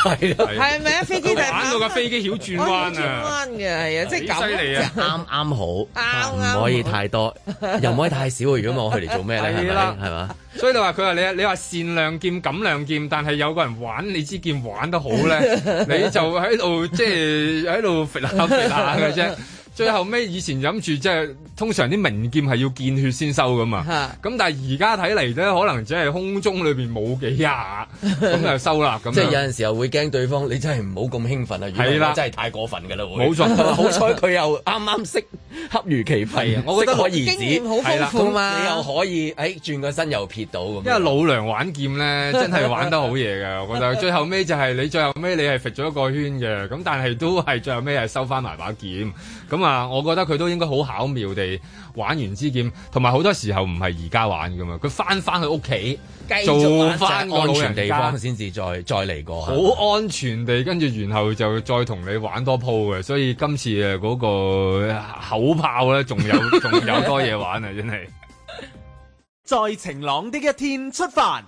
係咯，係咪啊？飛機大炮玩到架飛機曉轉彎啊！轉彎嘅係啊，即係咁啱啱好，唔可以太多，又唔可以太少。如果我去嚟做咩咧？係咪？係嘛？所以你話佢話你，你話善良劍、噉良劍，但係有個人玩你支劍玩得好咧， 你就喺度即係喺度肥揈肥揈嘅啫。 最後尾以前諗住即係通常啲名劍係要見血先收噶嘛，咁 但係而家睇嚟咧，可能只係空中裏邊冇幾下，咁就收啦。 樣即係有陣時候會驚對方，你真係唔好咁興奮啊！如果真係太過分噶啦，冇錯。 好彩佢又啱啱識恰如其分 啊！我覺得可以，經驗好豐富、啊、你又可以誒、哎、轉個身又撇到咁。因為老娘玩劍咧，真係玩得好嘢㗎。我覺得最後尾就係、是、 你最後尾你係揈咗一個圈嘅，咁但係都係最後尾係收翻埋把劍。咁啊、嗯，我覺得佢都應該好巧妙地玩完之劍，同埋好多時候唔係而家玩噶嘛，佢翻翻去屋企做翻安全地方先至再再嚟過，好安全地跟住，然後就再同你玩多鋪嘅。所以今次嗰個口炮咧，仲 有仲有多嘢玩啊！真係。 在晴朗啲嘅一天出發。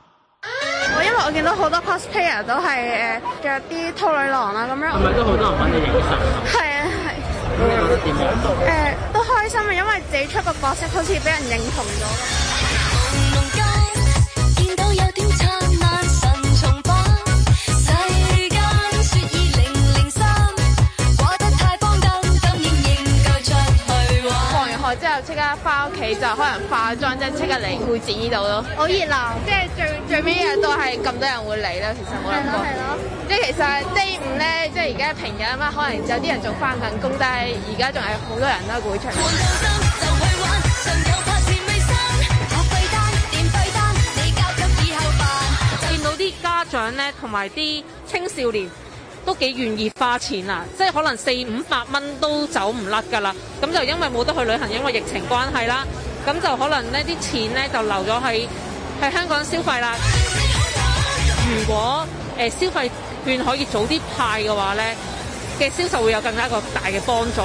我因為我見到好多 poster 都係誒嘅啲兔女郎啦，咁樣係咪都好多人揾你影相？係 啊。誒，嗯嗯嗯、都開心啊，因為自己出個角色好似俾人認同咗咁。一翻屋企就可能化妝，即係即刻嚟會展呢度咯，好熱鬧，即係最最尾日都係咁多人會嚟啦。其實我諗，係咯，即係其實 Day 5咧，即係而家平日啊嘛，可能有啲人仲翻緊工，但係而家仲係好多人都會出門。看見到啲家長咧，同埋啲青少年。都幾願意花錢啊！即係可能四五百蚊都走唔甩㗎啦，咁就因為冇得去旅行，因為疫情關係啦，咁就可能呢啲錢咧就留咗喺喺香港消費啦。如果誒、呃、消費券可以早啲派嘅話咧，嘅銷售會有更加一個大嘅幫助。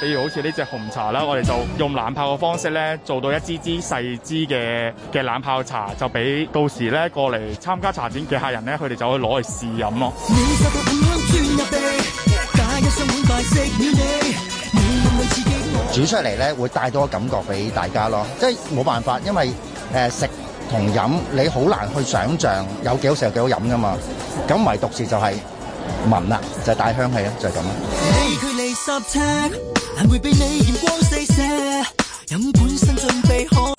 比如好似呢隻紅茶啦，我哋就用冷泡嘅方式咧，做到一支支細支嘅嘅冷泡茶，就俾到時咧過嚟參加茶展嘅客人咧，佢哋就可以攞嚟試飲咯。煮出嚟咧會帶多個感覺俾大家咯，即係冇辦法，因為誒食同飲你好難去想像有幾好食有幾好飲㗎嘛。咁唯獨是就係聞啦，就係、是、帶香氣咯，就係咁啦。十尺係會畀你炎光四射，飲本身準備好，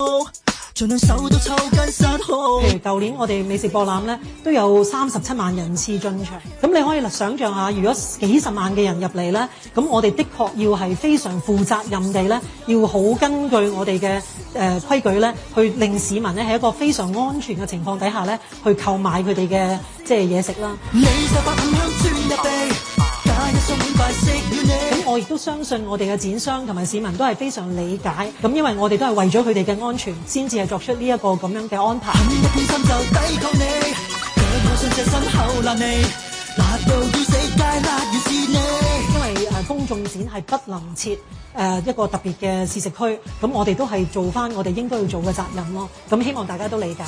盡量手都抽筋失控。譬如舊年我哋美食博覽咧，都有三十七萬人次進場，咁你可以想象一下，如果幾十萬嘅人入嚟咧，咁我哋的確要係非常負責任地咧，要好根據我哋嘅誒規矩咧，去令市民咧喺一個非常安全嘅情況底下咧，去購買佢哋嘅即係嘢食啦。你就香，入地，假送食。我亦都相信我哋嘅展商同埋市民都係非常理解，咁因為我哋都係為咗佢哋嘅安全，先至係作出呢一個咁樣嘅安排。信心就抵抗你，你你啦，辣到要要因為誒公眾展係不能設誒一個特別嘅試食區，咁我哋都係做翻我哋應該要做嘅責任咯，咁希望大家都理解。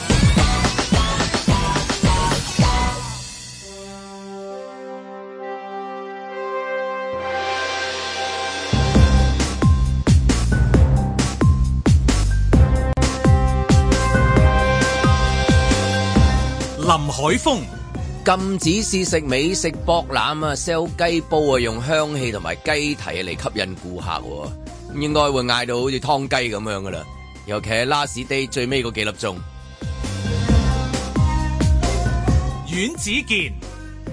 林海峰禁止試食美食博覽啊，sell 雞煲啊，用香氣同埋雞蹄嚟吸引顧客，啊，應該會嗌到好似湯雞咁樣噶啦。尤其喺 last day 最尾嗰幾粒鐘。阮子健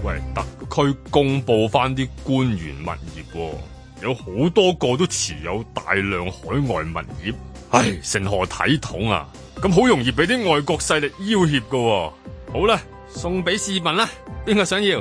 喂，特區公布翻啲官員物業，啊，有好多個都持有大量海外物業，唉，成何體統啊！咁好容易俾啲外國勢力要挾噶，啊。好啦，送俾市民啦，邊個想要？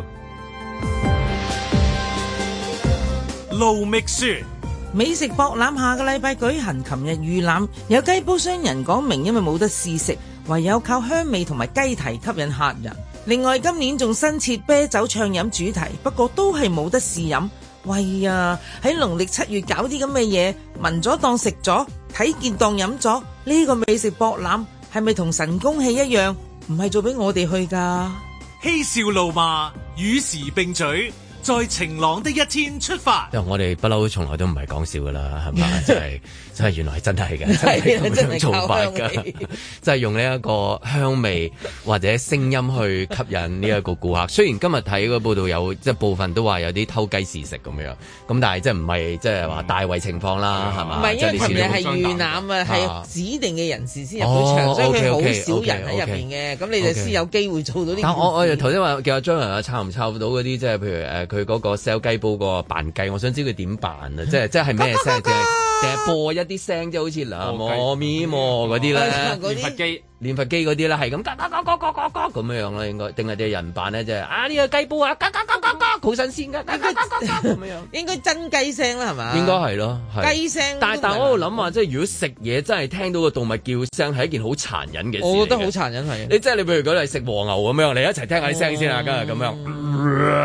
盧覓雪美食博覽下個禮拜舉行，琴日預覽有雞煲商人講明，因為冇得試食，唯有靠香味同埋雞蹄吸引客人。另外今年仲新設啤酒暢飲主題，不過都係冇得試飲。喂呀，喺農曆七月搞啲咁嘅嘢，聞咗當食咗，睇見當飲咗，呢個美食博覽係咪同神功戲一樣？唔係做俾我哋去㗎，嬉笑怒罵，與時並舉。在晴朗的一天出發。我哋不嬲，從來都唔係講笑噶啦，係嘛？真係真係原來係真係嘅，的真係咁樣做法。即係用呢一個香味或者聲音去吸引呢一個顧客。 雖然今日睇個報道有，即係部分都話有啲偷雞試食咁樣，咁但係即係唔係即係話大胃情況啦，係嘛？唔係，因為尋日係預覽啊，係指定嘅人士先入到場，所以好少人喺入邊嘅。咁你哋先有機會做到啲。但係我我頭先話叫阿張文話湊唔湊到嗰啲，即係譬如誒、呃佢嗰個 sell 雞煲個扮雞，我想知佢點扮啊！即係即係咩聲？即係成日播一啲聲，即好似咪嗰啲咧，連髮機、連髮機嗰啲咧，係咁咯咯咯咯咯咯咁樣樣啦，應該定係啲人扮咧，即係啊呢個雞煲啊咯咯咯好新鮮嘅咁樣，應該真雞聲啦，係咪？應該係咯，雞聲。但但我度諗話，即係如果食嘢真係聽到個動物叫聲，係一件好殘忍嘅事。我覺得好殘忍係。你即係你譬如果你食和牛咁樣，你一齊聽下啲聲先啦，今日咁樣。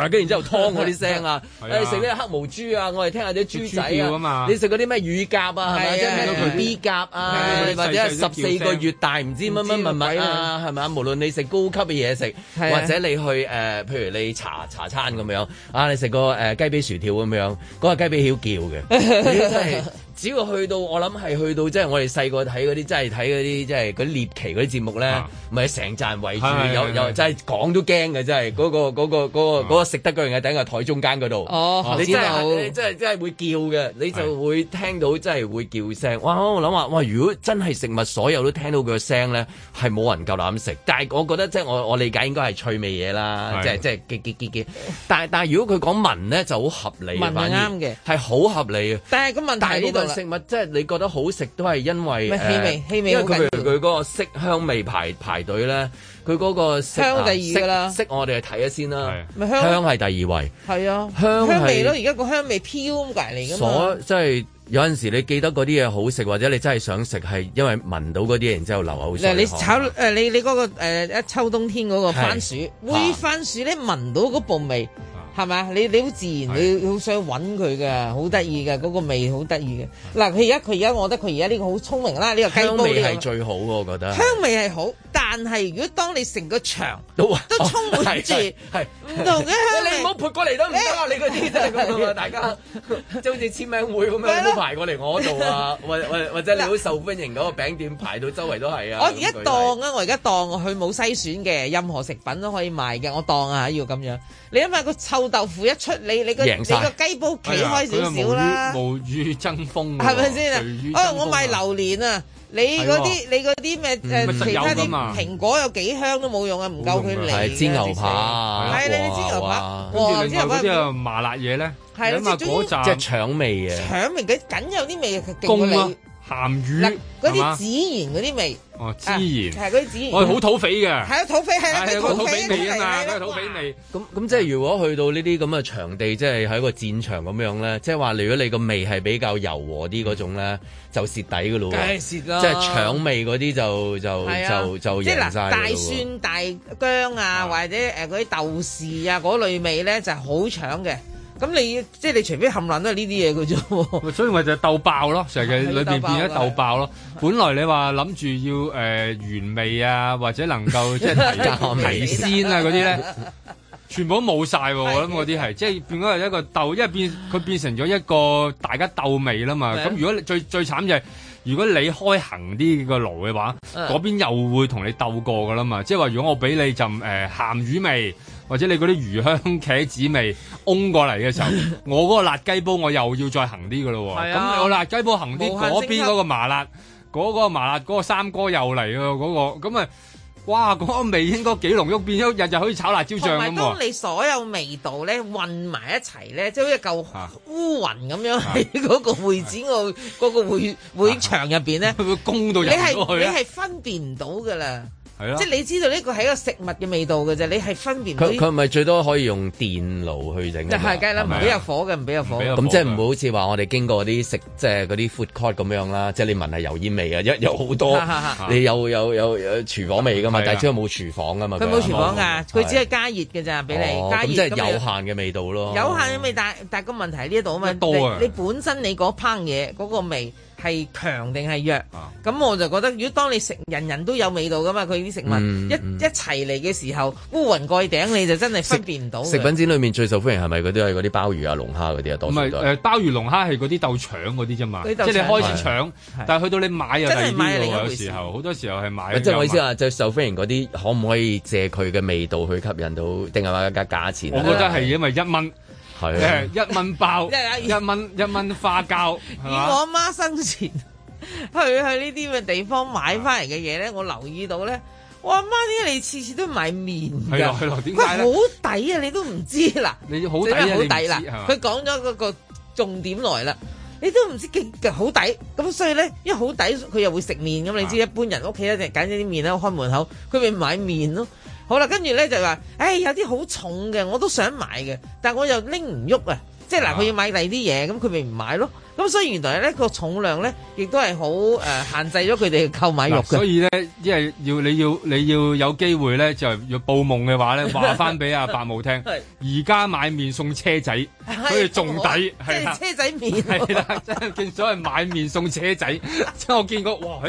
跟然之後劏嗰啲聲啊，哎、你食咩黑毛豬啊？我哋聽下啲豬仔啊嘛！你食嗰啲咩乳鴿啊，係咪即係咩 B 鴿啊，或者十四個月大唔知乜乜物物啊，係咪啊，啊？無論你食高級嘅嘢食，啊、或者你去誒、呃，譬如你茶茶餐咁樣，啊，你食個誒雞髀薯條咁樣，嗰個雞髀曉叫嘅， 只要去到，我諗係去到，即係我哋細個睇嗰啲，即係睇嗰啲，即係嗰獵奇嗰啲節目咧，咪成站圍住，有有，真係講都驚嘅，真係嗰個嗰個嗰嗰食得嗰樣嘢，頂喺台中間嗰度。哦，你真係你真係真係會叫嘅，你就會聽到真係會叫聲。哇，我諗話，哇，如果真係食物所有都聽到佢嘅聲咧，係冇人夠膽食。但係我覺得即係我我理解應該係趣味嘢啦，即係即係激激激激。但係但如果佢講聞咧就好合理，係啱嘅，好合理，但係個問題呢度。食物即係你覺得好食都係因為誒，因為佢因為佢嗰個色香味排排隊咧，佢嗰個色香第二啦、啊，色我哋係睇一先啦，咪的香係第二位，係啊的，香是香味咯，而家個香味飄埋嚟㗎嘛。所即係有陣時你記得嗰啲嘢好食，或者你真係想食係因為聞到嗰啲嘢，然之後流口水你、呃。你炒誒你你嗰個、呃、一秋冬天嗰個番薯，煨的番薯咧聞到嗰部味。係咪啊？你你好自然，你好想揾佢㗎，好得意㗎，嗰、嗰個味好得意嘅。嗱佢而家佢而家，我覺得佢而家呢個好聰明啦。呢、呢個雞煲、呢個、香味係最好我覺得。香味係好，但係如果當你成個牆都都充滿住，係唔、哦、同嘅香味。你唔好潑過嚟都唔得、啊欸、你嗰啲真係咁啊嘛，大家即好似簽名會咁樣都了排過嚟我度啊，或或者你好受歡迎嗰個餅店排到周圍都係啊，啊。我而家檔啊，我而家檔，佢冇篩選嘅，任何食品都可以賣嘅，我檔啊要咁樣。你諗下個臭豆腐一出，你你個你個雞煲企開少少啦，無與爭鋒，係咪先啊？哦，我買榴蓮啊，你嗰啲你嗰啲咩誒其他啲蘋果有幾香都冇用啊，唔夠佢嚟啊！煎牛扒，係你你煎牛扒，哇！煎牛扒之後麻辣嘢咧，係啦，最中意即係搶味嘅，搶味佢僅有啲味，佢勁味。鹹魚嗱，嗰啲孜然嗰啲味哦，孜然係嗰啲孜然，係好土匪嘅。係啊，土匪係土匪味啊，係土匪味。咁咁即係如果去到呢啲咁嘅場地，即係喺個戰場咁樣咧，即係話，如果你個味係比較柔和啲嗰種咧，就蝕底嘅咯，梗係蝕啦，即係搶味嗰啲就就就就即係大蒜、大薑啊，或者誒嗰啲豆豉啊嗰類味咧，就係好搶嘅。咁你即係你，除非冚撚都係呢啲嘢嘅啫。所以咪就係鬥爆咯，成日裏裏面變咗鬥爆咯。爆本來你話諗住要誒、呃、原味啊，或者能夠 即係提香提鮮啊嗰啲咧， 全部都冇晒喎。的我諗嗰啲係即係變咗係一個鬥，因為變佢變成咗一個大家鬥味啦嘛。咁的如果最最慘就係如果你開行啲個爐嘅話，嗰的邊又會同你鬥過㗎啦嘛。即係話如果我俾你浸誒、呃、鹹魚味。或者你嗰啲魚香茄子味，烘過嚟嘅時候， 我嗰個辣雞煲我又要再行啲嘅喇喎。咁你、啊、辣雞煲行啲嗰限邊嗰個麻辣，嗰個麻辣嗰、嗰個三哥又嚟咯嗰個。咁、嗰、啊、個，哇嗰、嗰個味應該幾濃郁，變咗日日可以炒辣椒醬咁喎。同埋當你所有味道呢混埋一齊呢，即係好似一嚿烏雲咁樣喺嗰、啊、個會展個嗰、啊、個會、啊、會場入面、啊、 呢，佢會攻到入面。你係你係分辨唔到㗎啦。即係你知道呢個係一個食物嘅味道嘅啫，你係分辨唔到。佢佢唔係最多可以用電爐去整。係梗係啦，唔畀入火嘅，唔畀入火。咁即係唔會好似話我哋經過啲食即係嗰啲 food court 咁樣啦，即係你聞係油煙味啊，一有好多，你有有有有廚房味噶嘛，但係因為冇廚房啊嘛。佢冇廚房㗎，佢只係加熱嘅咋，俾你加熱。即係有限嘅味道咯。有限嘅味，但但個問題係呢一度啊嘛。多你本身你嗰烹嘢嗰個味。係強定係弱，咁我就覺得，如果當你食人人都有味道噶嘛，佢啲食物、嗯、一一齊嚟嘅時候，烏雲蓋頂，你就真係分辨唔到。食品展裏面最受歡迎係咪嗰啲係嗰啲鮑魚啊、龍蝦嗰啲啊？多唔係誒鮑魚龍蝦係嗰啲鬥搶嗰啲啫嘛，鬥腸即係你開始搶，但係去到你買又係呢時候，好多時候係買。即係我意思話，最受歡迎嗰啲可唔可以借佢嘅味道去吸引到，定係話價價錢？我覺得係因為一蚊。誒，一蚊包，一蚊一蚊花膠。而我阿媽生前去去呢啲嘅地方買翻嚟嘅嘢咧，我留意到咧，我阿媽點解你次次都買麵噶？係咯，係咯，點解？佢好抵啊！你都唔知嗱，你好抵好抵啦！佢講咗一個重點來啦，你都唔知幾好抵咁，所以咧，因為好抵，佢又會食麵咁。你知一般人屋企一定揀啲麵啦，開門口佢咪買麵咯。好啦，跟住咧就話，誒有啲好重嘅，我都想買嘅，但係我又拎唔喐啊！即係嗱，佢要買第啲嘢，咁佢咪唔買咯。咁所以原來咧個重量咧，亦都係好誒限制咗佢哋嘅購買欲嘅。所以咧，因為要你要你要有機會咧，就要報夢嘅話咧，話翻俾阿伯母聽。而家 是買麵送車仔，所以仲抵。係、 就是、車仔麵。係啦，真係見所謂買麵送車仔，即係 我見過。哇！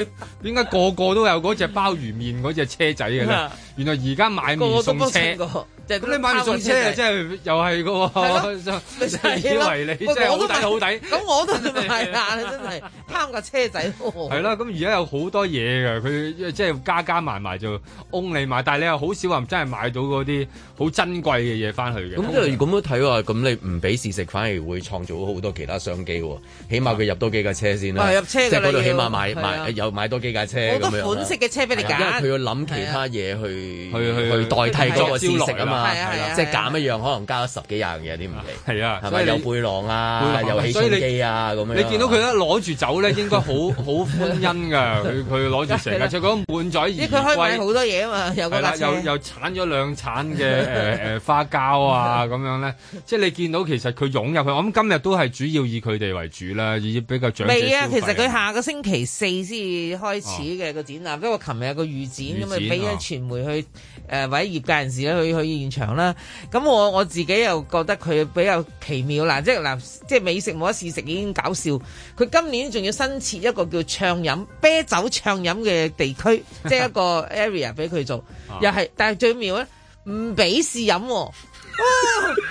點解個個都有嗰隻鮑魚麵嗰隻車仔嘅咧？ 原來而家買麵送車。 個個咁你買唔送車即真係又係個你以為你真係好抵好底？咁我都唔係啊！真係貪個車仔。係啦，咁而家有好多嘢嘅，佢即係加加埋埋就幫你買，但係你又好少話真係買到嗰啲好珍貴嘅嘢翻去嘅。咁即係咁都睇話，咁你唔俾試食，反嚟會創造好多其他商機喎。起碼佢入多幾架車先啦，即係嗰度起碼買買有買多幾架車好款式嘅車俾你揀，因為佢要諗其他嘢去去去代替個係啊，即係減一樣，可能加咗十幾廿樣嘢，有啲唔理。係啊，係咪有背囊啊，有氣槍機啊咁樣？你見到佢咧攞住走咧，應該好好歡欣㗎。佢佢攞住成日，除咗滿載而歸因為佢開賣好多嘢啊嘛。係啦，又又剷咗兩剷嘅誒誒花膠啊咁樣咧。即係你見到其實佢湧入去。我諗今日都係主要以佢哋為主啦，比較長者消費。未啊，其實佢下個星期四先開始嘅個展覽，不過琴日個預展咁啊，俾啲傳媒去誒，或者業界人士咧去去。現場啦，咁我我自己又覺得佢比較奇妙啦，即係嗱，即係美食冇得試食已經搞笑，佢今年仲要新設一個叫暢飲啤酒暢飲嘅地區，即係一個 area 俾佢做，啊、又係，但係最妙咧，唔俾試飲，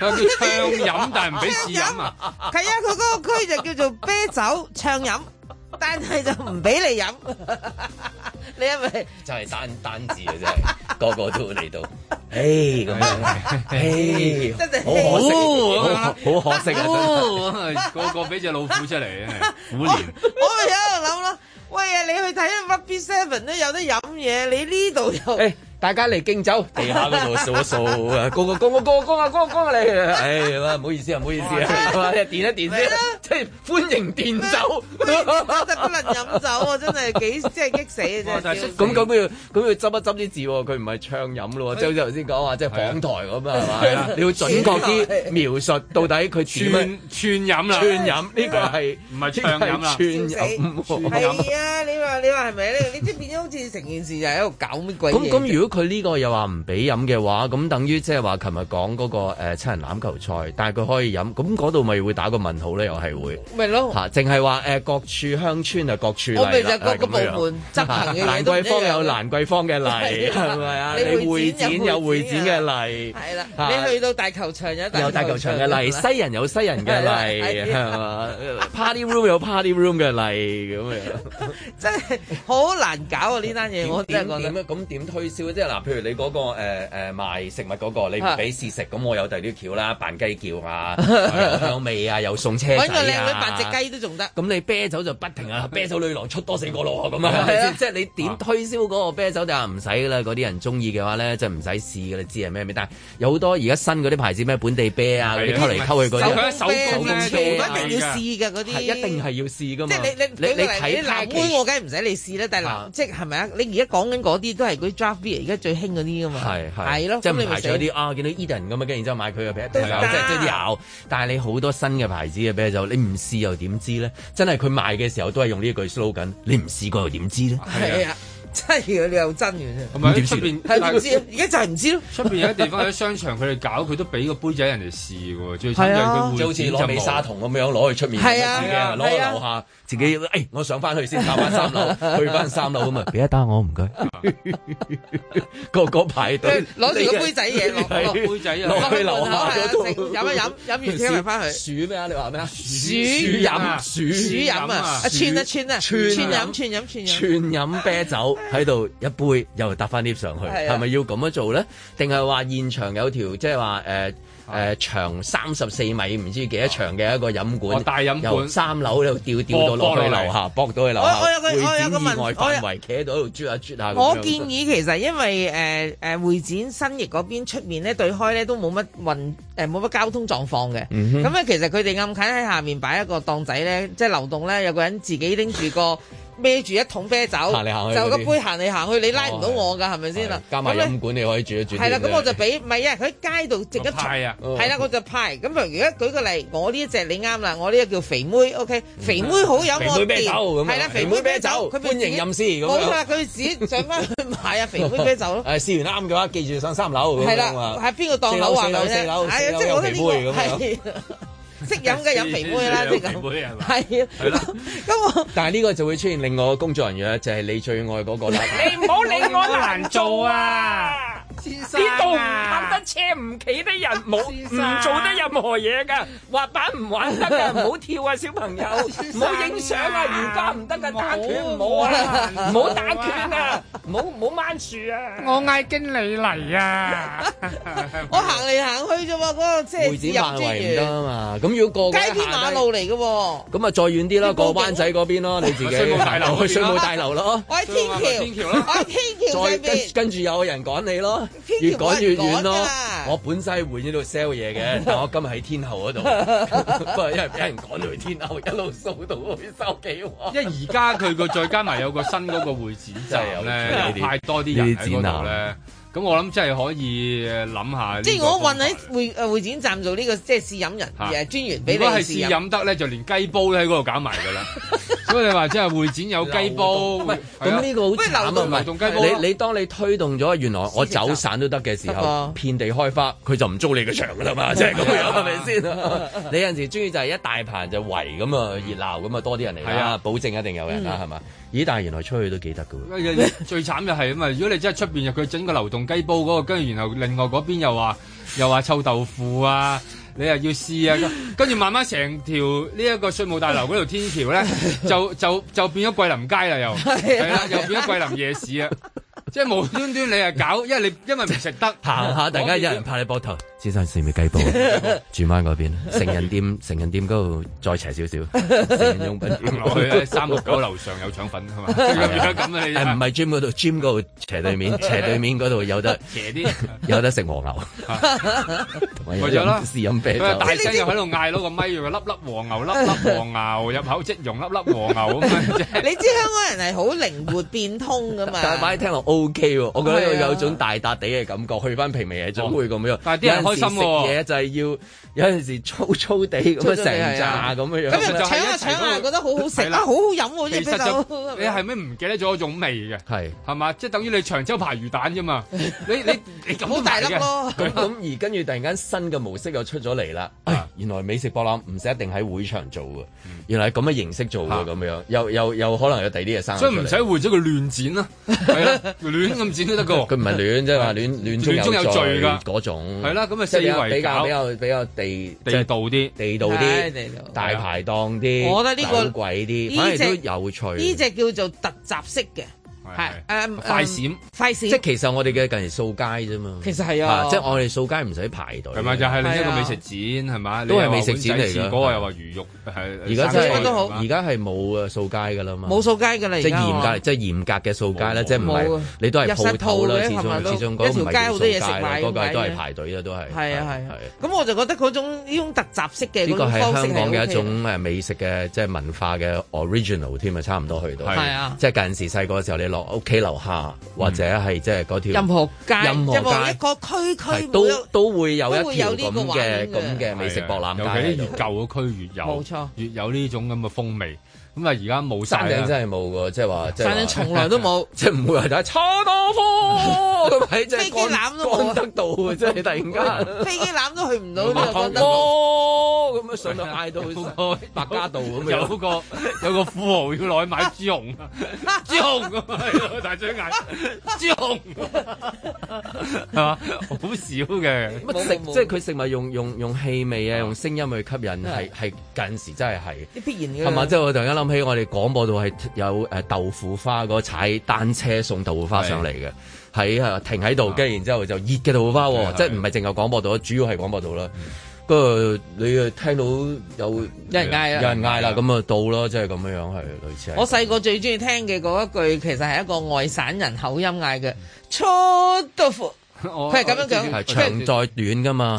佢叫暢飲但係唔俾試飲啊，係 啊，佢嗰、 嗰個區就叫做啤酒暢飲，但係就唔俾你飲， 你係咪就係單單字嘅啫？ 個個都會嚟到。誒，咁樣，誒，真係好可惜，好可惜啊！真係個個俾隻老虎出嚟，真係虎年。我咪喺度諗咯，喂啊，你去睇《Happy Seven》都有得飲嘢，你呢度又？大家嚟敬酒，地下嗰度掃掃啊！個個個個哥哥哥哥個啊你，唉，唔好意思啊，唔好意思啊，掂一掂先，即係歡迎電酒，真得不能飲酒啊！真係幾即係激死嘅啫。咁咁佢咁佢執一執啲字喎，佢唔係暢飲咯喎。好似頭先講話即係港台咁啊，係嘛？你要準確啲描述到底佢串串飲啦，串飲呢個係唔係暢飲啊？串飲係啊！你話你話係咪你即係變咗好似成件事就係喺度搞咩鬼？咁咁如果。佢呢個又話唔俾飲嘅話，咁等於即係話琴日講個誒七人欖球賽，但係佢可以飲，咁度咪會打個問號咧？又係會，咪咯，吓淨係話誒各處鄉村啊各處例，我咪就各個部門執行嘅嘢都，蘭桂坊有蘭桂坊嘅例，係咪啊？你會展有會展嘅例，係啦，你去到大球場有大球場嘅例，西人有西人嘅例，係嘛？Party room 有 Party room 嘅例，咁樣，真係好難搞啊！呢單嘢我真係覺得，咁點推銷？即係嗱，譬如你嗰個誒誒賣食物嗰個，你唔俾試食，咁我有第二啲橋啦，扮雞叫啊，有味啊，又送車仔啊，咁你搵個靚女扮隻雞都仲得。咁你啤酒就不停啊，啤酒女郎出多死個咯咁啊，即係你點推銷嗰個啤酒就話唔使啦，嗰啲人中意嘅話咧，就唔使試噶啦，知係咩咩。但係有好多而家新嗰啲牌子咩本地啤啊，嗰啲溝嚟溝去嗰啲，手工嘅要試㗎嗰啲，一定係要試㗎嘛。即係你你你睇茶杯我梗係唔使你試啦，但係即係係咪啊？你而家講緊嗰啲都係嗰啲而家最興嗰啲㗎嘛，係係咯，即係唔排除啲啊見到 Eden 咁樣，跟住然之後買佢嘅啤酒即係啲有，但係你好多新嘅牌子嘅啤酒，就你唔試又點知咧？真係佢賣嘅時候都係用呢句 slogan 你唔試過又點知咧？係啊，真係又真嘅啫。出邊係唔知，而家就係唔知咯。出面有啲地方喺商場，佢哋搞佢都俾個杯仔人哋試喎，最慘嘅佢就好似攞美沙酮咁樣攞去出面，攞去樓下。自己，哎，我上翻去先，搭翻三樓，去翻三樓咁啊！俾一打我唔該，個個排隊，攞住個杯仔嘢，攞杯仔，落去樓下飲一飲，飲完聽翻去。鼠咩啊？你話咩啊？鼠飲鼠，鼠飲啊！一串一串咧，串飲串飲串飲，串飲啤酒喺度一杯，又搭翻 lift 上去，係咪要咁樣做咧？定係話現場有條即係話誒？誒、呃、長三十四米，唔知幾多長嘅一個飲管，哦、大飲管，由三樓喺度吊吊到落去樓下，駁到去樓下。會有個外，意外企喺度啜下啜下。下下我建議其實因為誒誒、呃呃、會展新翼嗰邊出面咧對開咧都冇乜運誒冇乜交通狀況嘅，咁咧、嗯、哼其實佢哋暗間喺下面擺一個檔仔咧，即、就、係、是、流動咧有個人自己拎住個 孭住一桶啤酒，就個杯行嚟行去，你拉唔到我噶，係咪先啦？加埋五管你可以轉一轉。係啦，咁我就俾，唔係啊，佢喺街度值一桶。係啊。係啦，我就派。咁啊，如果舉個例，我呢隻你啱啦，我呢隻叫肥妹。OK，肥妹好飲我店。肥妹啤酒。係啦，肥妹啤酒。歡迎任試。我嘛，佢自己上翻去買。係啊，肥妹啤酒咯。誒，試完啱嘅話，記住上三樓。係啦。喺邊個檔口啊？四樓。四樓。係啊，即係我呢啲人。識飲嘅飲肥妹啦，即係咁。係啊，咁我。但係呢個就會出現另外個工作人員啦，就係、是、你最愛嗰、那個啦。 你唔好理我難做啊！ 呢度唔泊得車，唔企啲人，冇唔做得任何嘢噶。滑板唔玩得嘅，唔好跳啊，小朋友！唔好影相啊，瑜伽唔得嘅，打拳，唔好啊，唔好打拳啊，唔好唔好掹住啊！我嗌經理嚟啊！我行嚟行去啫喎，嗰個即係。會展範圍唔得啊嘛！咁如果過街啲馬路嚟嘅，咁啊再遠啲啦，過灣仔嗰邊咯，你自己大樓去商務大樓咯。我喺天橋，我喺天橋跟住有個人趕你咯。越趕越遠咯！天天的我本身喺會展度 sell 嘢嘅，但我今日喺天后嗰度，不過因為俾人趕到去天后一路掃到回收幾盒。因為而家佢個再加埋有個新嗰個會展就咧，有太多啲人喺度咧，咁我諗真係可以諗下。即係我混喺會誒會展站做呢、這個即係、就是、試飲人誒、啊、專員俾你。如果係試飲得咧，就連雞煲都喺嗰度搞埋㗎啦。 所以你話即係會展有雞煲，咁呢個好慘啊！唔係，你你當你推動咗原來我走散都得嘅時候，遍地開花，佢就唔租你嘅場㗎啦嘛，即係咁樣，係咪先？你有陣時中意就係一大棚就圍咁啊熱鬧咁啊多啲人嚟啦，係啊，保證一定有人啊，係嘛？咦，但係原來出去都記得㗎喎。最慘就係咁啊！如果你真係出邊入佢整個流動雞煲嗰個，跟住然後另外嗰邊又話又話臭豆腐啊。你又要試啊，跟住慢慢成條呢一個稅務大樓嗰條天橋咧，就就就變咗桂林街啦，又係啦，又變咗桂林夜市啊！ 即係無端端你係搞，因為你因為唔食得行下，突然間有人拍你膊頭。先生是咪雞煲？荃灣嗰邊，成人店成人店嗰度再斜少少，成人用品店落去三六九樓上有腸粉係嘛？咁你唔係 Gym 嗰度，Gym 嗰度斜對面，斜對面嗰度有得斜啲，有得食和牛。為咗啦，飲啤酒，大聲又喺度嗌攞個咪，又粒粒和牛，粒粒和牛入口即溶，粒粒和牛啊你知香港人係好靈活變通㗎嘛？但係聽落 OK 我覺得有種大笪地嘅感覺，去返平民嘢總會咁樣。但係啲人開心食嘢就係要有陣時粗粗地咁樣成扎咁嘅樣。咁又請啊覺得好好食啊好好飲喎啲嘢就。你係咪唔記得咗一種味嘅？係係嘛？即係等於你長洲排魚蛋啫嘛。你你你咁大粒咁而跟住突然間新嘅模式又出咗嚟啦。原來美食博覽唔使一定喺會場做嘅，原來係咁嘅形式做嘅咁樣，又又又可能有第啲嘢生。所以唔使回咗佢亂剪啦。亂咁剪都得噶，佢唔係亂，即係話亂亂中有序噶嗰種。係啦，咁啊四圍比較比較比較地地道啲、地道啲、大排檔啲、我覺得呢個貴啲，鬼反而都有趣。呢隻叫做特集式嘅。係誒快閃，快即係其實我哋嘅近時掃街啫嘛，其實係啊，即係我哋掃街唔使排隊，係咪就係嚟一個美食展係咪？都係美食展嚟㗎。嗰個又話魚肉係，而家真係而家係冇誒掃街㗎啦嘛，冇掃街㗎啦。即係嚴格，即係嚴格嘅掃街啦，即係唔係你都係鋪鋪啦，始終始終街好多嘢食賣，嗰個都係排隊啦，都係。係啊係啊，咁我就覺得嗰種呢種特集式嘅，呢個係香港嘅一種誒美食嘅即係文化嘅 original 添啊，差唔多去到。係啊，即係近時細個時候你落。屋企樓下或者係即係嗰條任何街，任何街，任何一個區區都都會有一條咁嘅咁嘅美食博覽街，尤其越舊嘅區越有，冇錯，越有呢種咁嘅風味。咁啊！而家冇山頂真係冇個，即係話，即係從來從來都冇，即係唔會大家差多咁咪即係飛機攬都攬得到，即係 突然間飛機攬都去唔到，差多咁樣上到大道個白加道咁樣，有個有個富豪要落去買豬紅 豬紅係大張眼豬紅係嘛？好 少嘅乜食，即係佢食物用用用，用氣味啊，用聲音去吸引，係係近時真係係啲必然嘅，係嘛？即係我突然間諗。諗起我哋廣播度係有誒豆腐花，個踩單車送豆腐花上嚟嘅，喺啊是停喺度，跟住然之後就熱嘅豆腐花，嗯、即係唔係淨係廣播度啦，主要係廣播度啦。嗰個、嗯、你啊聽到有、有人嗌，有人嗌啦，咁啊的到咯，即係咁樣樣係類似。我細個最中意聽嘅嗰一句，其實係一個外省人口音嗌嘅，嗯、出豆腐。佢係咁樣講，長再短噶嘛，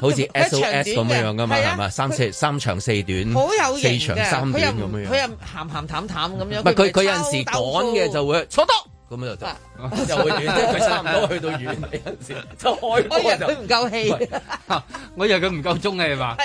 好似 SOS 咁樣樣噶嘛，係嘛？三四三長四短，四長三短咁樣。佢又咸咸淡淡咁樣。唔係佢佢有陣時趕嘅，就會坐多，咁就就又會即係佢差唔多去到遠嘅陣時，我我以為佢唔夠氣，我以為佢唔夠鐘嘅係嘛？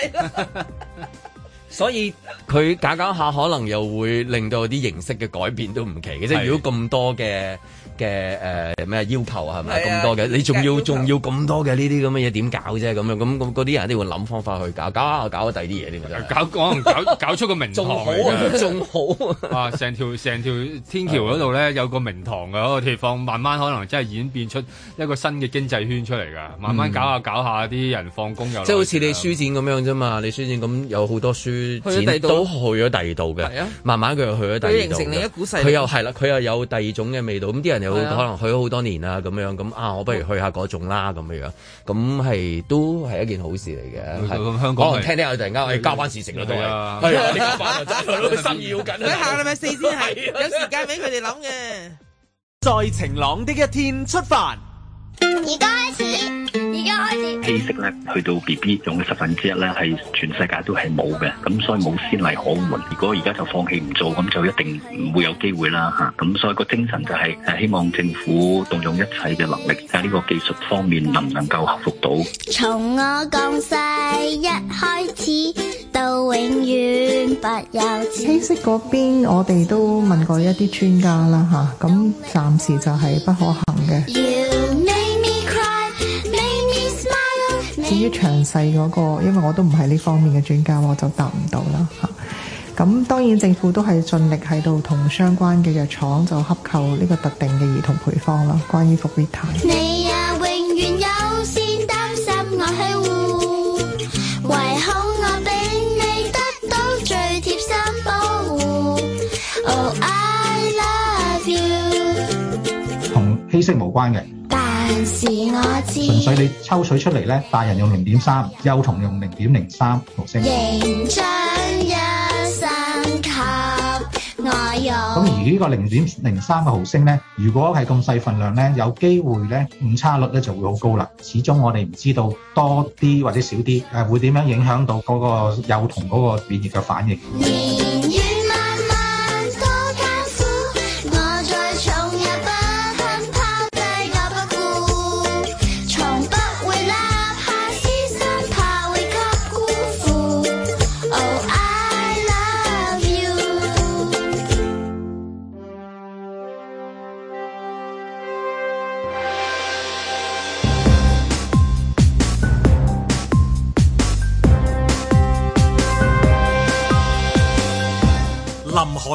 所以佢搞搞下，可能又會令到啲形式嘅改變都唔奇嘅，即係如果咁多嘅。嘅誒咩要求啊？係咪咁多嘅？你仲要仲要咁多嘅呢啲咁嘅嘢點搞啫？咁樣咁咁嗰啲人咧會諗方法去搞，搞下搞下第二啲嘢點搞？搞可搞搞出個名堂嚟嘅，仲好啊！仲好啊！成條成條天橋嗰度咧有個名堂嘅嗰個地方慢慢可能真係演變出一個新嘅經濟圈出嚟㗎，慢慢搞下搞下啲人放工又即係好似你書展咁樣啫嘛，你書展咁有好多書展都去咗第二度嘅，慢慢佢又去咗第二度，佢形成另一股勢，佢又係啦，佢又有第二種嘅味道，咁啲人可能去咗好多年啊咁樣咁啊，我不如去下嗰種啦，咁樣樣，咁係都係一件好事嚟嘅。可能聽聽下，突然間可以交返事情嗰度啦。啊，呢個法就係心意好緊。睇下禮拜四先係，有時間俾佢哋諗嘅。在晴朗的一天出發，而家開始。稀釋咧，去到 B B 用嘅十分之一咧，係全世界都係冇嘅，咁所以冇先例可循。如果而家就放棄唔做，咁就一定唔會有機會啦，吓。咁所以個精神就係誒，希望政府動用一切嘅能力，喺呢個技術方面能唔能夠克服到。從我降世一開始，到永遠不休止。稀釋嗰邊我哋都問過一啲專家啦，吓，咁暫時就係不可行嘅。至於詳細嗰、那個，因為我都唔係呢方面嘅專家，我就答唔到啦嚇。咁、啊、當然政府都係盡力喺度同相關嘅藥廠就洽購呢個特定嘅兒童配方啦。關於復必泰，你也永遠有先擔心我欺護唯恐我並未得到最貼心保護 Oh I love you，同稀釋無關嘅。純粹你抽取出嚟呢大人用零點三，幼童用零點零三毫升。咁而呢個零點零三嘅毫升呢，如果係咁細份量呢，有機會呢誤差率呢就會好高啦。始終我哋唔知道多啲或者少啲，誒會點樣影響到嗰個幼童嗰個免疫嘅反應。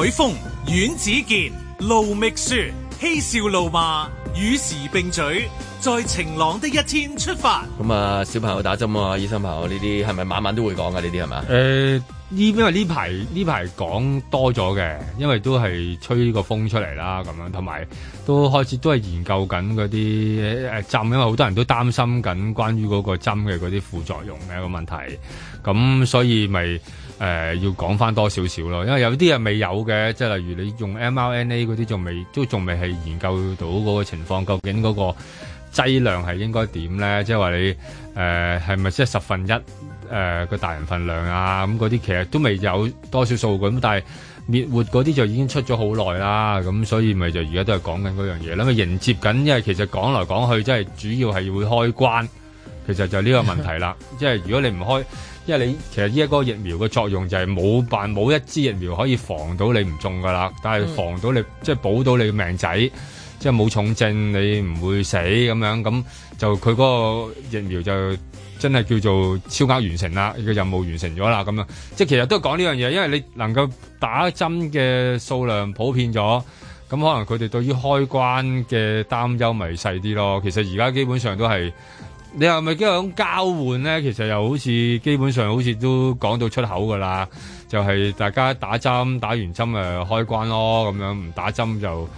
許峰、阮子健、盧覓雪，嬉笑怒罵與時並嘴，在晴朗的一天出發。咁啊，小朋友打針啊，醫生朋友呢啲係咪晚晚都會講噶？呢啲係咪？誒、呃。呢，因為呢排呢排講多咗嘅，因為都係吹個風出嚟啦，咁樣同埋都開始都係研究緊嗰啲針，因為好多人都擔心緊關於嗰個針嘅嗰啲副作用嘅一個問題，咁所以咪誒、呃、要講翻多少少咯，因為有啲嘢未有嘅，即係例如你用 mRNA 嗰啲仲未，都仲未係研究到嗰個情況，究竟嗰個劑量係應該點咧？即係話你誒係咪即係十分一？誒、呃、個大人份量啊，咁嗰啲其實都未有多少數據，但係滅活嗰啲就已經出咗好耐啦，咁所以咪就而家都係講緊嗰樣嘢啦，咪迎接緊，因為其實講來講去，即係主要係會開關，其實就呢個問題啦。 即係如果你唔開，因為你其實呢一個疫苗嘅作用就係冇辦冇一支疫苗可以防到你唔中㗎啦，但係防到你、嗯、即係保到你嘅命仔，即係冇重症你唔會死咁樣，咁就佢嗰個疫苗就。真係叫做超額完成啦！呢個任務完成咗啦，咁樣即係其實都講呢樣嘢，因為你能夠打針嘅數量普遍咗，咁可能佢哋對於開關嘅擔憂咪細啲咯。其實而家基本上都係你係咪經過交換呢？其實又好似基本上好似都講到出口噶啦，就係大家打針打完針誒開關咯，咁樣唔打針就。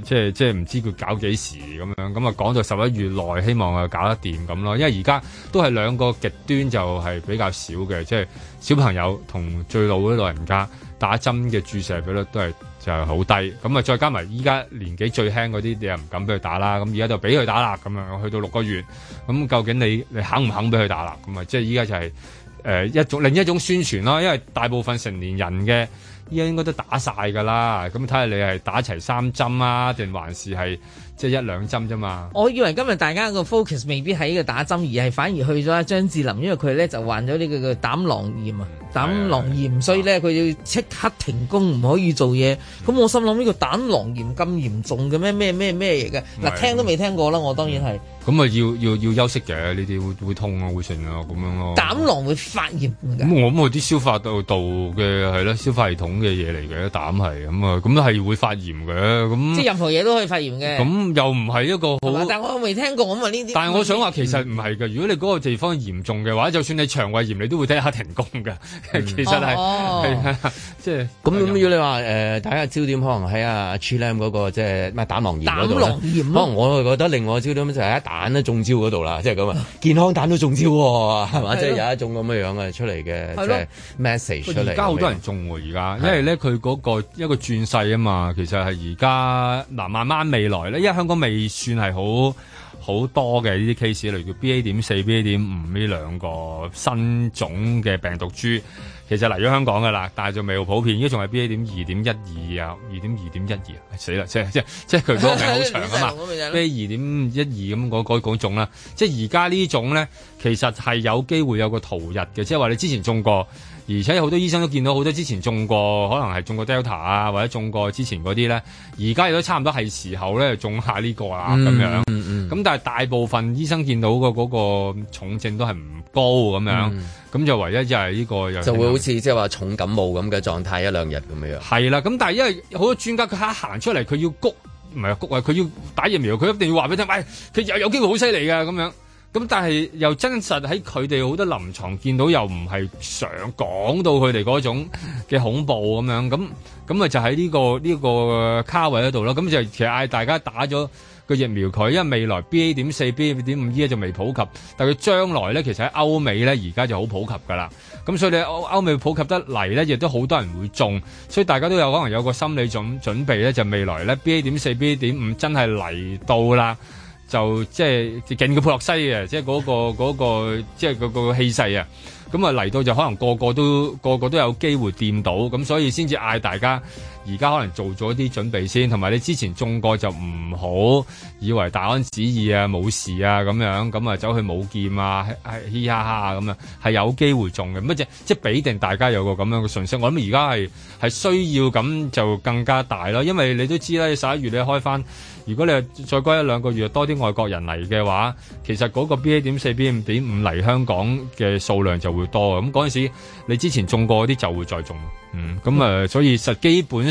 即係即係唔知佢搞幾時咁樣，咁啊，講到十一月內，希望啊搞得掂咁咯。因為而家都係兩個極端，就係比較少嘅，即係小朋友同最老嗰啲老人家打針嘅注射比率都係就係、是、好低。咁啊，再加埋依家年紀最輕嗰啲你又唔敢俾佢打啦。咁而家就俾佢打啦。咁樣去到六個月，咁究竟你你肯唔肯俾佢打啦？咁啊，即係依家就係、是、誒、呃、一種另一種宣傳啦。因為大部分成年人嘅。依家應該都打晒㗎啦，咁睇下你係打齊三針吖，定還是係？即係一兩針啫嘛！我以為今日大家個 focus 未必喺呢個打針，而係反而去咗張智霖，因為佢咧就患咗呢個嘅膽囊炎啊，膽囊炎，是是是是，所以咧佢是是 要即刻停工，唔可以做嘢。咁、嗯、我心諗呢個膽囊炎咁嚴重嘅咩咩咩咩嘢嘅？嗱、嗯啊，聽都未聽過啦，我當然係。咁啊、嗯，要要要休息嘅呢啲會痛啊，會成啊咁樣咯。膽囊會發炎咁、嗯、我咁啊啲消化道嘅係咯，消化系統嘅嘢嚟嘅，膽係咁啊，咁係會發炎嘅。咁即係任何嘢都可以發炎嘅。嗯嗯又唔係一個好，但我未聽過咁啊呢啲。但係我想話其實唔係噶，嗯、如果你嗰個地方嚴重嘅話，就算你腸胃炎你都會睇下停工噶。其實係，即係咁。要、就是嗯嗯嗯嗯嗯嗯、你話誒，睇下焦點可能喺阿阿 c h i 個即係咩膽囊炎嗰度咧。炎，可能、啊那個啊、可能我就覺得另外焦點就係一蛋都中招嗰度啦，即係咁啊，健康蛋都中招喎、哦，係嘛？即係有一種咁嘅樣嘅出嚟嘅即係 message 出嚟。好多人中而、啊、家，因為咧佢嗰個一個轉勢啊嘛，其實係而家嗱，慢慢未來咧香港未算係好好多嘅呢啲 case，例如叫 B A 點四、B A 點五呢兩個新種嘅病毒株，其實嚟咗香港噶啦，但係仲未好普遍，而家仲係 B A 點二點一二啊，二點二點一二啊，死啦！即係即係即係佢嗰個名好長啊嘛，B A 二點一二咁嗰嗰種啦，即係而家呢種咧，其實係有機會有個逃逸嘅，即係話你之前中過。而且有好多醫生都見到好多之前中過，可能係中過 Delta 啊，或者中過之前嗰啲咧，而家亦都差唔多係時候咧，種下呢個啦咁樣，嗯嗯。咁樣、嗯、但係大部分醫生見到嗰個重症都係唔高咁、嗯、樣。嗯。咁就唯一就係呢個就會好似即係話重感冒咁嘅狀態一兩日咁樣。係啦。咁但係因為好多專家佢一行出嚟，佢要谷唔係谷啊！佢要打疫苗，佢一定要話俾你聽，喂、哎，佢有有機會好犀利㗎。咁樣。咁但係又真實喺佢哋好多臨床見到，又唔係想講到佢哋嗰種嘅恐怖咁樣，咁咁啊就喺呢個呢個卡位嗰度啦，咁就其實嗌大家打咗個疫苗佢，因為未來 BA.4 BA.5、e、依家就未普及，但佢將來咧其實喺歐美咧而家就好普及噶啦，咁所以你歐美普及得嚟咧，亦都好多人會中。所以大家都有可能有個心理準準備咧，就未來咧 BA.4 BA.5 真係嚟到啦。就即係勁過佩洛西嘅，即係、嗰、嗰個嗰、嗰個，即係個個氣勢啊！咁啊嚟到就可能個個都個個都有機會掂到，咁所以先至嗌大家。而家可能做咗啲準備先，同埋你之前中過就唔好以為大安旨意啊冇事啊咁樣咁啊走去冇劍啊，係嘻哈哈咁樣係有機會中嘅。乜啊即即係俾定大家有個咁樣嘅信息。我諗而家係係需要咁就更加大咯，因為你都知啦，十一月你開翻，如果你係再過一兩個月多啲外國人嚟嘅話，其實嗰個 B A 點四 B A 點五嚟香港嘅數量就會多。咁嗰陣時你之前中過啲就會再中。嗯，咁啊、嗯呃、所以實基本。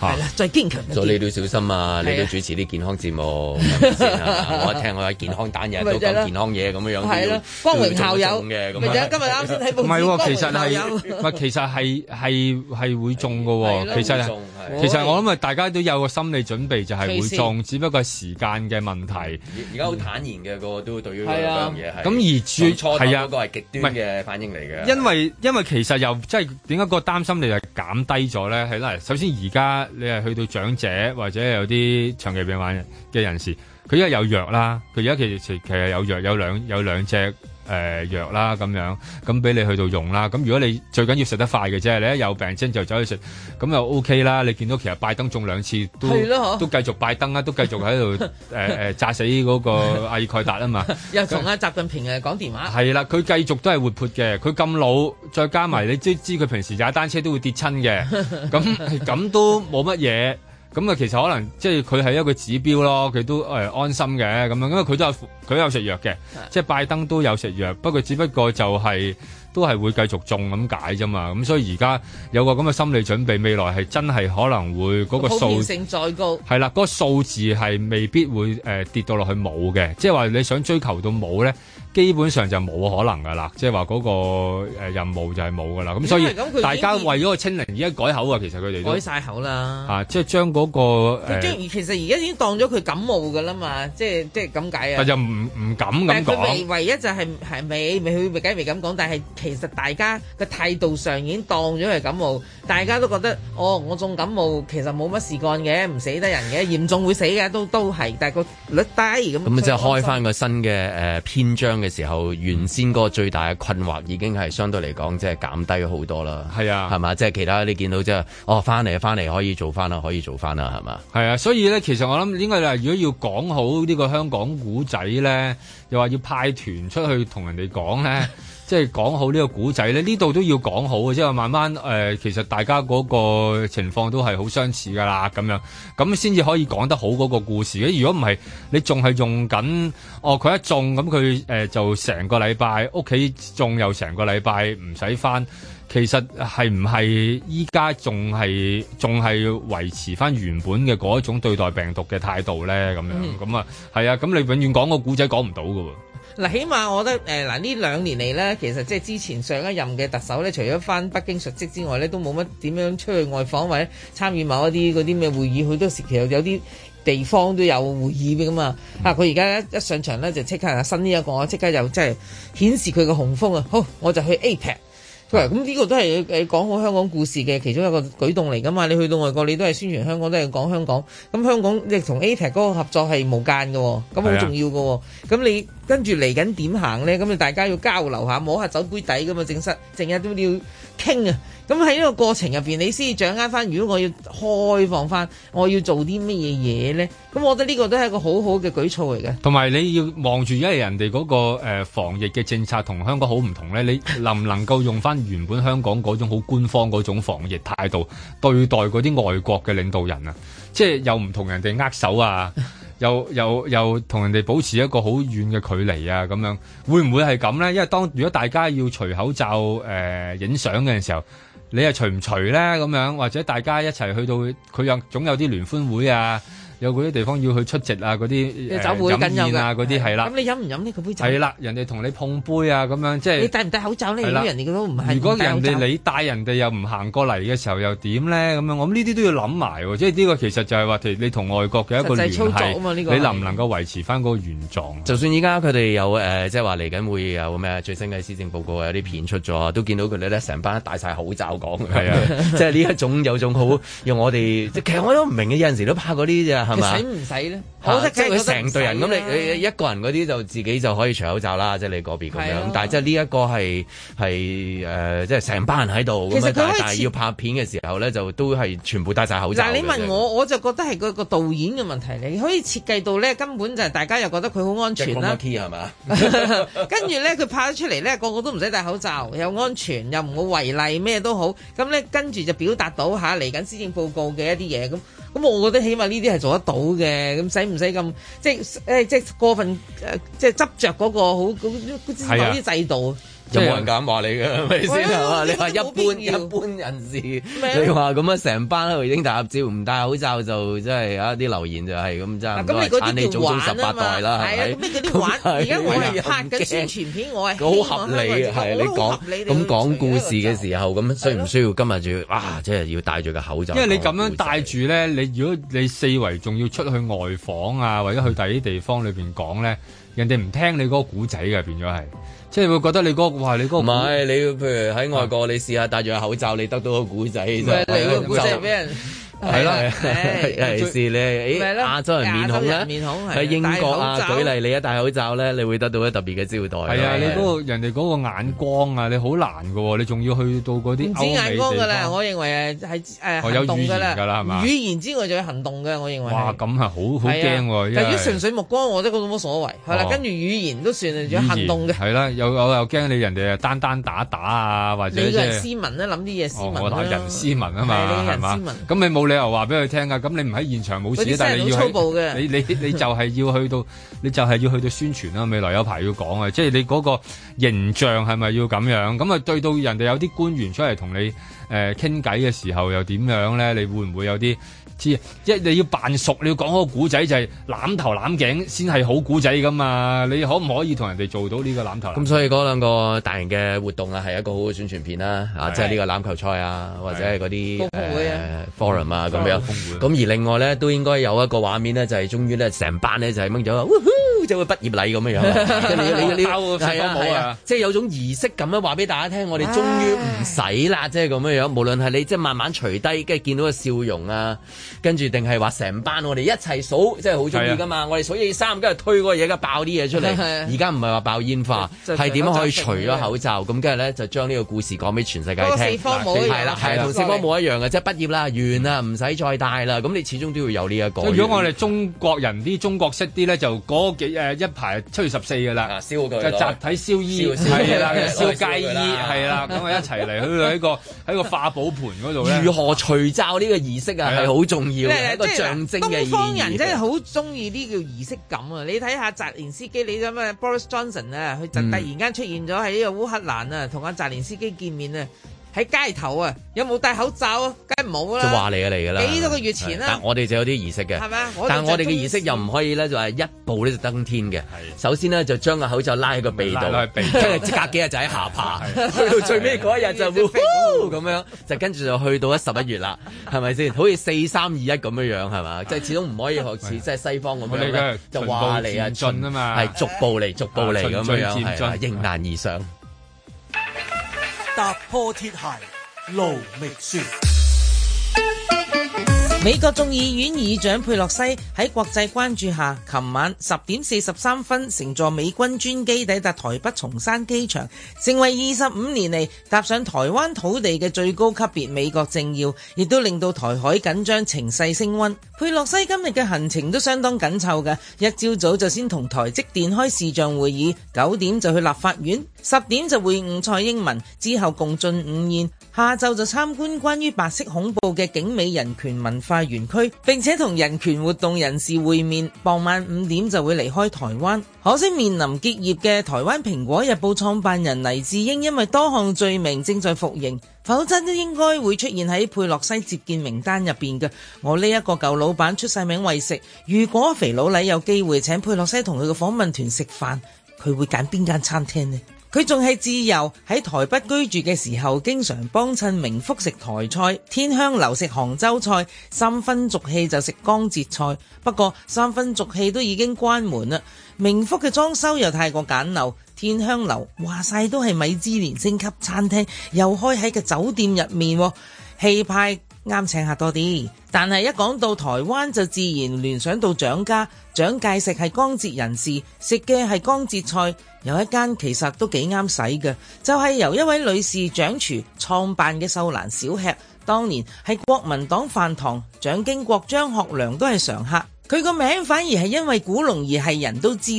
係啦，最堅強。所以你都要小心啊！你都要主持啲健康節目，我聽我啲健康單日都講健康嘢咁樣，係啦，光榮校友。咪就今日啱先睇報。唔係喎，其實係，唔係其實係係係會中嘅喎。其實係，其實我諗啊，大家都有個心理準備，就係會中，只不過時間嘅問題。而家好坦然嘅，個個都對於呢樣嘢咁而最錯嗰個係極端嘅反應嚟嘅。因為因為其實又即係點解個擔心你係減低咗咧？係啦，首先而家。你係去到長者或者有啲長期病患嘅人士，佢因為有藥啦，佢而家其實其實有藥有兩有兩隻。誒、呃、藥啦咁樣，咁俾你去到用啦。咁如果你最緊要食得快嘅啫，你一有病癥就走去食，咁又 OK 啦。你見到其實拜登中兩次都的都繼續拜登啦、啊、 都繼續喺度誒炸死嗰個阿爾蓋達啊嘛。又同阿習近平誒講電話。係啦，佢繼續都係活潑嘅。佢咁老，再加埋你知知佢平時踩單車都會跌親嘅。咁咁 都冇乜嘢。咁啊，其實可能即係佢係一個指標咯，佢都安心嘅咁樣，因為佢都有佢有食藥嘅，是的 即係拜登都有食藥，不過只不過就係、是、都係會繼續中咁解啫嘛，咁所以而家有個咁嘅心理準備，未來係真係可能會嗰個數，係啦，嗰、那個數字係未必會、呃、跌到落去冇嘅，即係話你想追求到冇咧。基本上就冇可能噶啦，即係話嗰個誒任務就係冇噶啦。咁所以大家為咗個清零，而家改口啊，其實佢哋改晒口啦。啊，即係將嗰個誒，其實而家已經當咗佢感冒噶啦嘛，即係即係咁解啊。但係又唔唔敢咁講。但係佢唯唯一就係係未未去未敢未咁講，但係其實大家個態度上已經當咗佢感冒，大家都覺得哦，我仲感冒，其實冇乜事幹嘅，唔死得人嘅，嚴重會死嘅，都都係，但係個率低咁。咁啊，即係開翻個新嘅誒篇章。嘅時候，原先嗰個最大嘅困惑已經係相對嚟講，即係減低咗好多啦。係是啊，係嘛，即係其他你見到即係，哦，翻嚟啊，翻嚟可以做翻啦，可以做翻啦，係嘛。係啊，所以咧，其實我諗應該係，如果要講好呢個香港古仔咧，又話要派團出去同人哋講咧。 即係講好呢個古仔咧，呢度都要講好嘅，即係慢慢誒、呃，其實大家嗰個情況都係好相似㗎啦，咁樣咁先至可以講得好嗰個故事嘅。如果唔係，你仲係用緊哦，佢一中咁佢誒就成個禮拜屋企中，又成個禮拜唔使翻，其實係唔係依家仲係仲係維持翻原本嘅嗰一種對待病毒嘅態度咧？咁樣咁、嗯、啊，係啊，咁你永遠講個古仔講唔到㗎喎。嗱，起碼我覺得誒，嗱、呃、呢兩年嚟咧，其實即係之前上一任嘅特首咧，除咗返北京述職之外咧，都冇乜點樣出去外訪或者參與某一啲嗰啲咩會議，好多時其實有啲地方都有會議嘅嘛。吓佢而家一上場咧，就即刻新呢、這、一個，即刻又即係顯示佢嘅雄風啊！好，我就去 APEC。咁呢、嗯、個都係誒講好香港故事嘅其中一個舉動嚟㗎嘛。你去到外國，你都係宣傳香港，都係講香港。咁香港你同 APEC 嗰個合作係無間嘅、哦，咁好重要嘅、哦。咁是、啊、你跟住嚟緊點行咧？咁你大家要交流下，摸下酒杯底咁嘛。正式，成日都要。傾啊！咁喺呢個過程入邊，你先掌握翻。如果我要開放翻，我要做啲乜嘢嘢呢？咁我覺得呢個都係一個好好嘅舉措嚟嘅。同埋你要望住，因為人哋嗰個誒防疫嘅政策同香港好唔同呢。你能唔能夠用翻原本香港嗰種好官方嗰種防疫態度對待嗰啲外國嘅領導人啊？即係又唔同人哋握手啊！又又又同人哋保持一個好遠嘅距離啊，咁樣會唔會係咁咧？因為當如果大家要除口罩誒，影相嘅時候，你又除唔除咧？咁樣或者大家一齊去到佢有總有啲聯歡會啊～有嗰啲地方要去出席啊，嗰啲、呃、飲宴啊，嗰啲係啦。咁你飲唔飲呢？佢杯酒係啦，人哋同你碰杯啊，咁樣即係。就是、你戴唔戴口罩咧？如果人哋都唔係，如果人哋你戴，人哋又唔行過嚟嘅時候又點咧？咁樣我諗呢啲都要諗埋喎，即係呢個其實就係話你同外國嘅一個聯繫。實際操作啊嘛，呢、呢個你能唔能夠維持翻嗰個原狀？就算依家佢哋有誒，即係話嚟緊會有咩最新嘅施政報告有啲片出咗，都見到佢哋咧成班戴晒口罩講係啊，即係呢一種有種好用我哋，其實我都唔明嘅，有陣時都拍嗰啲就。使唔使咧？即係佢成隊人咁，你誒一個人嗰啲就自己就可以除口罩啦。即、就、係、係、你嗰邊咁樣，啊、但係即係呢一個係係誒，即係成班人喺度。其實佢可以要拍片嘅時候咧，就都係全部戴晒口罩。但係你問我，我就覺得係個個導演嘅問題。你可以設計到咧，根本就係大家又覺得佢好安全啦。著嘛？ 跟住咧，佢拍咗出嚟咧，個個都唔使戴口罩，又安全，又唔會違例咩都好。咁咧，跟住就表達到嚇嚟緊施政報告嘅一啲嘢咁。咁我覺得起碼呢啲係做得到嘅，咁使唔使咁即係誒即係過分誒即係執着嗰個好嗰啲制度？就冇人敢話你嘅，係咪先？你話一般一般人士，你話咁樣，成班去影大合照，唔戴口罩就真係啊！啲留言就係咁，真係攤你祖宗十八代啦，係咪？啲玩，而家我拍緊宣傳片，我係好合理，係你講咁講故事嘅時候，咁需唔需要今日就要？啊，即係要戴住個口罩。因為你咁樣戴住咧，你如果你四圍仲要出去外訪啊，或者去第啲地方裏邊講咧，人哋唔聽你嗰個古仔嘅，變咗係。即係會覺得你嗰、嗰個話你嗰，唔係你，譬如喺外國、嗯、你試下戴住個口罩，你得到個故仔。唔係你個故仔係咩？ 係啦，尤其是你亞洲人面孔咧，喺英國啊，舉例你一戴口罩咧，你會得到一特別嘅招待。係啊，你嗰個人哋嗰個眼光啊，你好難㗎喎，你仲要去到嗰啲歐美地方。唔止眼光㗎啦，我認為係有行動㗎啦，語言之外就有行動嘅，我認為。哇，咁係好好驚喎！就係純粹目光，我都覺得冇所謂。係啦，跟住語言都算，有行動嘅。係啦，有我又驚你人哋單單打打啊，或者你係斯文咧，諗啲嘢斯文，我我係人斯文啊嘛，係嘛？咁你冇。你又話俾佢聽㗎，咁你唔喺現場冇事，但係要去你你你，你就係要去到， 你就係要去到宣傳啦。未來有排要講啊，即係你嗰個形象係咪要咁樣？咁啊，對到人哋有啲官員出嚟同你誒傾偈嘅時候，又點樣咧？你會唔會有啲？知，即係你要扮熟，你要講好個古仔就係、是、攬頭攬頸先係好古仔噶嘛。你可唔可以同人哋做到呢個攬頭,攬頭？咁所以嗰兩個大型嘅活動啊，係一個好嘅宣傳片啦，嚇的、啊，即係呢個籃球賽啊，或者係嗰啲 forum 啊咁樣。咁、嗯、而另外咧，都應該有一個畫面咧，就係終於咧，成班咧就係掹咗。呼呼即係會畢業禮咁嘅樣，即係你你係啊係啊，即係有種儀式咁樣話俾大家聽，我哋終於唔使啦，即係咁嘅樣。無論係你即係慢慢除低，跟住見到個笑容啊，跟住定係話成班我哋一齊數，即係好中意㗎嘛。我哋數一二三跟住推嗰個嘢嘅，爆啲嘢出嚟。而家唔係話爆煙花，係點樣可以除咗口罩咁？跟住咧就將呢個故事講俾全世界聽。四方帽，四方帽一樣嘅，即係畢業啦，完啦，唔使再戴啦。咁你始終都要有呢一個。如果我哋中國人啲中國式啲咧，就嗰幾誒一排七月十四嘅啦，燒佢就集體燒衣，係啦，燒雞衣，係啦，咁啊一齊嚟去到呢個喺個化寶盤嗰度，如何除罩呢個儀式啊，係好重要嘅一個象徵嘅意義。東方人真係好中意呢叫儀式感啊！你睇下澤連斯基，你咁啊，Boris Johnson 啊，佢就突然間出現咗喺呢個烏克蘭啊，同阿澤連斯基見面啊。喺街頭啊，有冇戴口罩啊？梗係冇啦。就話嚟嘅嚟噶啦，幾多個月前啦。但我哋就有啲儀式嘅，係咪？但係我哋嘅儀式又唔可以咧，就係一步咧就登天嘅。首先咧就將個口罩拉喺個鼻度，跟住隔幾日就喺下巴，去到最尾嗰一日就會咁樣，就跟住就去到十一月啦，係咪先？好似四三二一咁樣樣係嘛？即係始終唔可以學似即係西方咁樣，就話嚟啊進啊嘛，係逐步嚟，逐步嚟咁樣樣，迎難而上。踏破鐵鞋，路覓雪。美國眾議院議長佩洛西喺國際關注下，琴晚十點四十三分乘坐美軍專機抵達台北松山機場，成為二十五年嚟踏上台灣土地嘅最高級別美國政要，亦都令到台海緊張情勢升溫。佩洛西今日嘅行程都相當緊湊嘅，一朝早就先同台積電開視像會議，九點就去立法院，十點就會晤蔡英文，之後共進午宴。下晝就參觀關於白色恐怖嘅景美人權文化園區，並且同人權活動人士會面。傍晚五點就會離開台灣。可惜面臨結業嘅台灣蘋果日報創辦人黎智英因為多項罪名正在服刑，否則都應該會出現喺佩洛西接見名單入邊嘅。我呢一個舊老闆出世名為食，如果肥佬黎有機會請佩洛西同佢嘅訪問團食飯，佢會揀邊間餐廳呢？佢仲係自由喺台北居住嘅時候，經常幫襯明福食台菜，天香樓食杭州菜，三分俗氣就食江浙菜。不過三分俗氣都已經關門啦。明福嘅裝修又太過簡陋，天香樓話晒都係米芝蓮星級餐廳，又開喺個酒店入面，氣派。啱請客多啲，但係一講到台灣就自然聯想到蔣家，蔣介石係江浙人士，食嘅係江浙菜，有一間其實都幾啱使嘅，就係、是、由一位女士掌廚創辦嘅秀蘭小吃，當年係國民黨飯堂，蔣經國、張學良都係常客，佢個名反而係因為古龍而係人都知。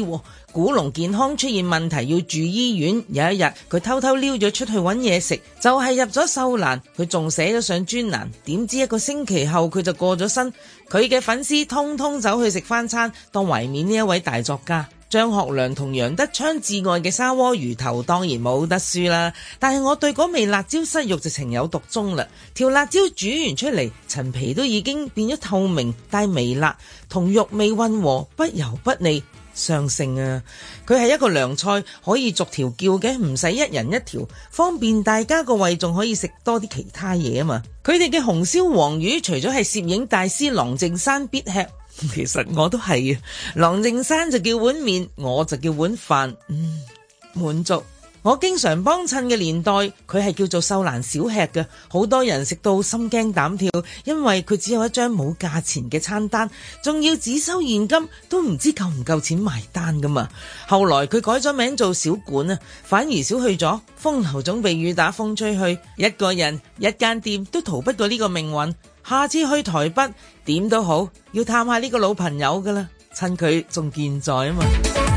古龍健康出現問題要住醫院，有一日佢偷偷溜咗出去揾嘢食，就係、是、入咗秀蘭，佢仲寫咗上專欄。點知一個星期後佢就過咗身，佢嘅粉絲通通走去食翻餐，當懷緬呢一位大作家張學良同楊德昌至愛嘅砂鍋魚頭當然冇得輸啦，但係我對嗰味辣椒塞肉就情有獨鍾啦。條辣椒煮完出嚟，陳皮都已經變咗透明，帶微辣，同肉味混和，不油不膩。上乘啊！佢係一個涼菜，可以逐條叫嘅，唔使一人一條，方便大家個胃，仲可以食多啲其他嘢啊嘛！佢哋嘅紅燒黃魚，除咗係攝影大師郎靜山必吃，其實我都係啊！郎靜山就叫碗麵，我就叫碗飯，嗯，滿足。我經常幫襯嘅年代，佢係叫做秀蘭小吃嘅，好多人食到心驚膽跳，因為佢只有一張冇價錢嘅餐單，仲要只收現金，都唔知夠唔夠錢埋單噶嘛。後來佢改咗名做小館啊，反而少去咗。風流總被雨打風吹去，一個人一間店都逃不過呢個命運。下次去台北點都好，要探下呢個老朋友噶啦，趁佢仲健在啊嘛。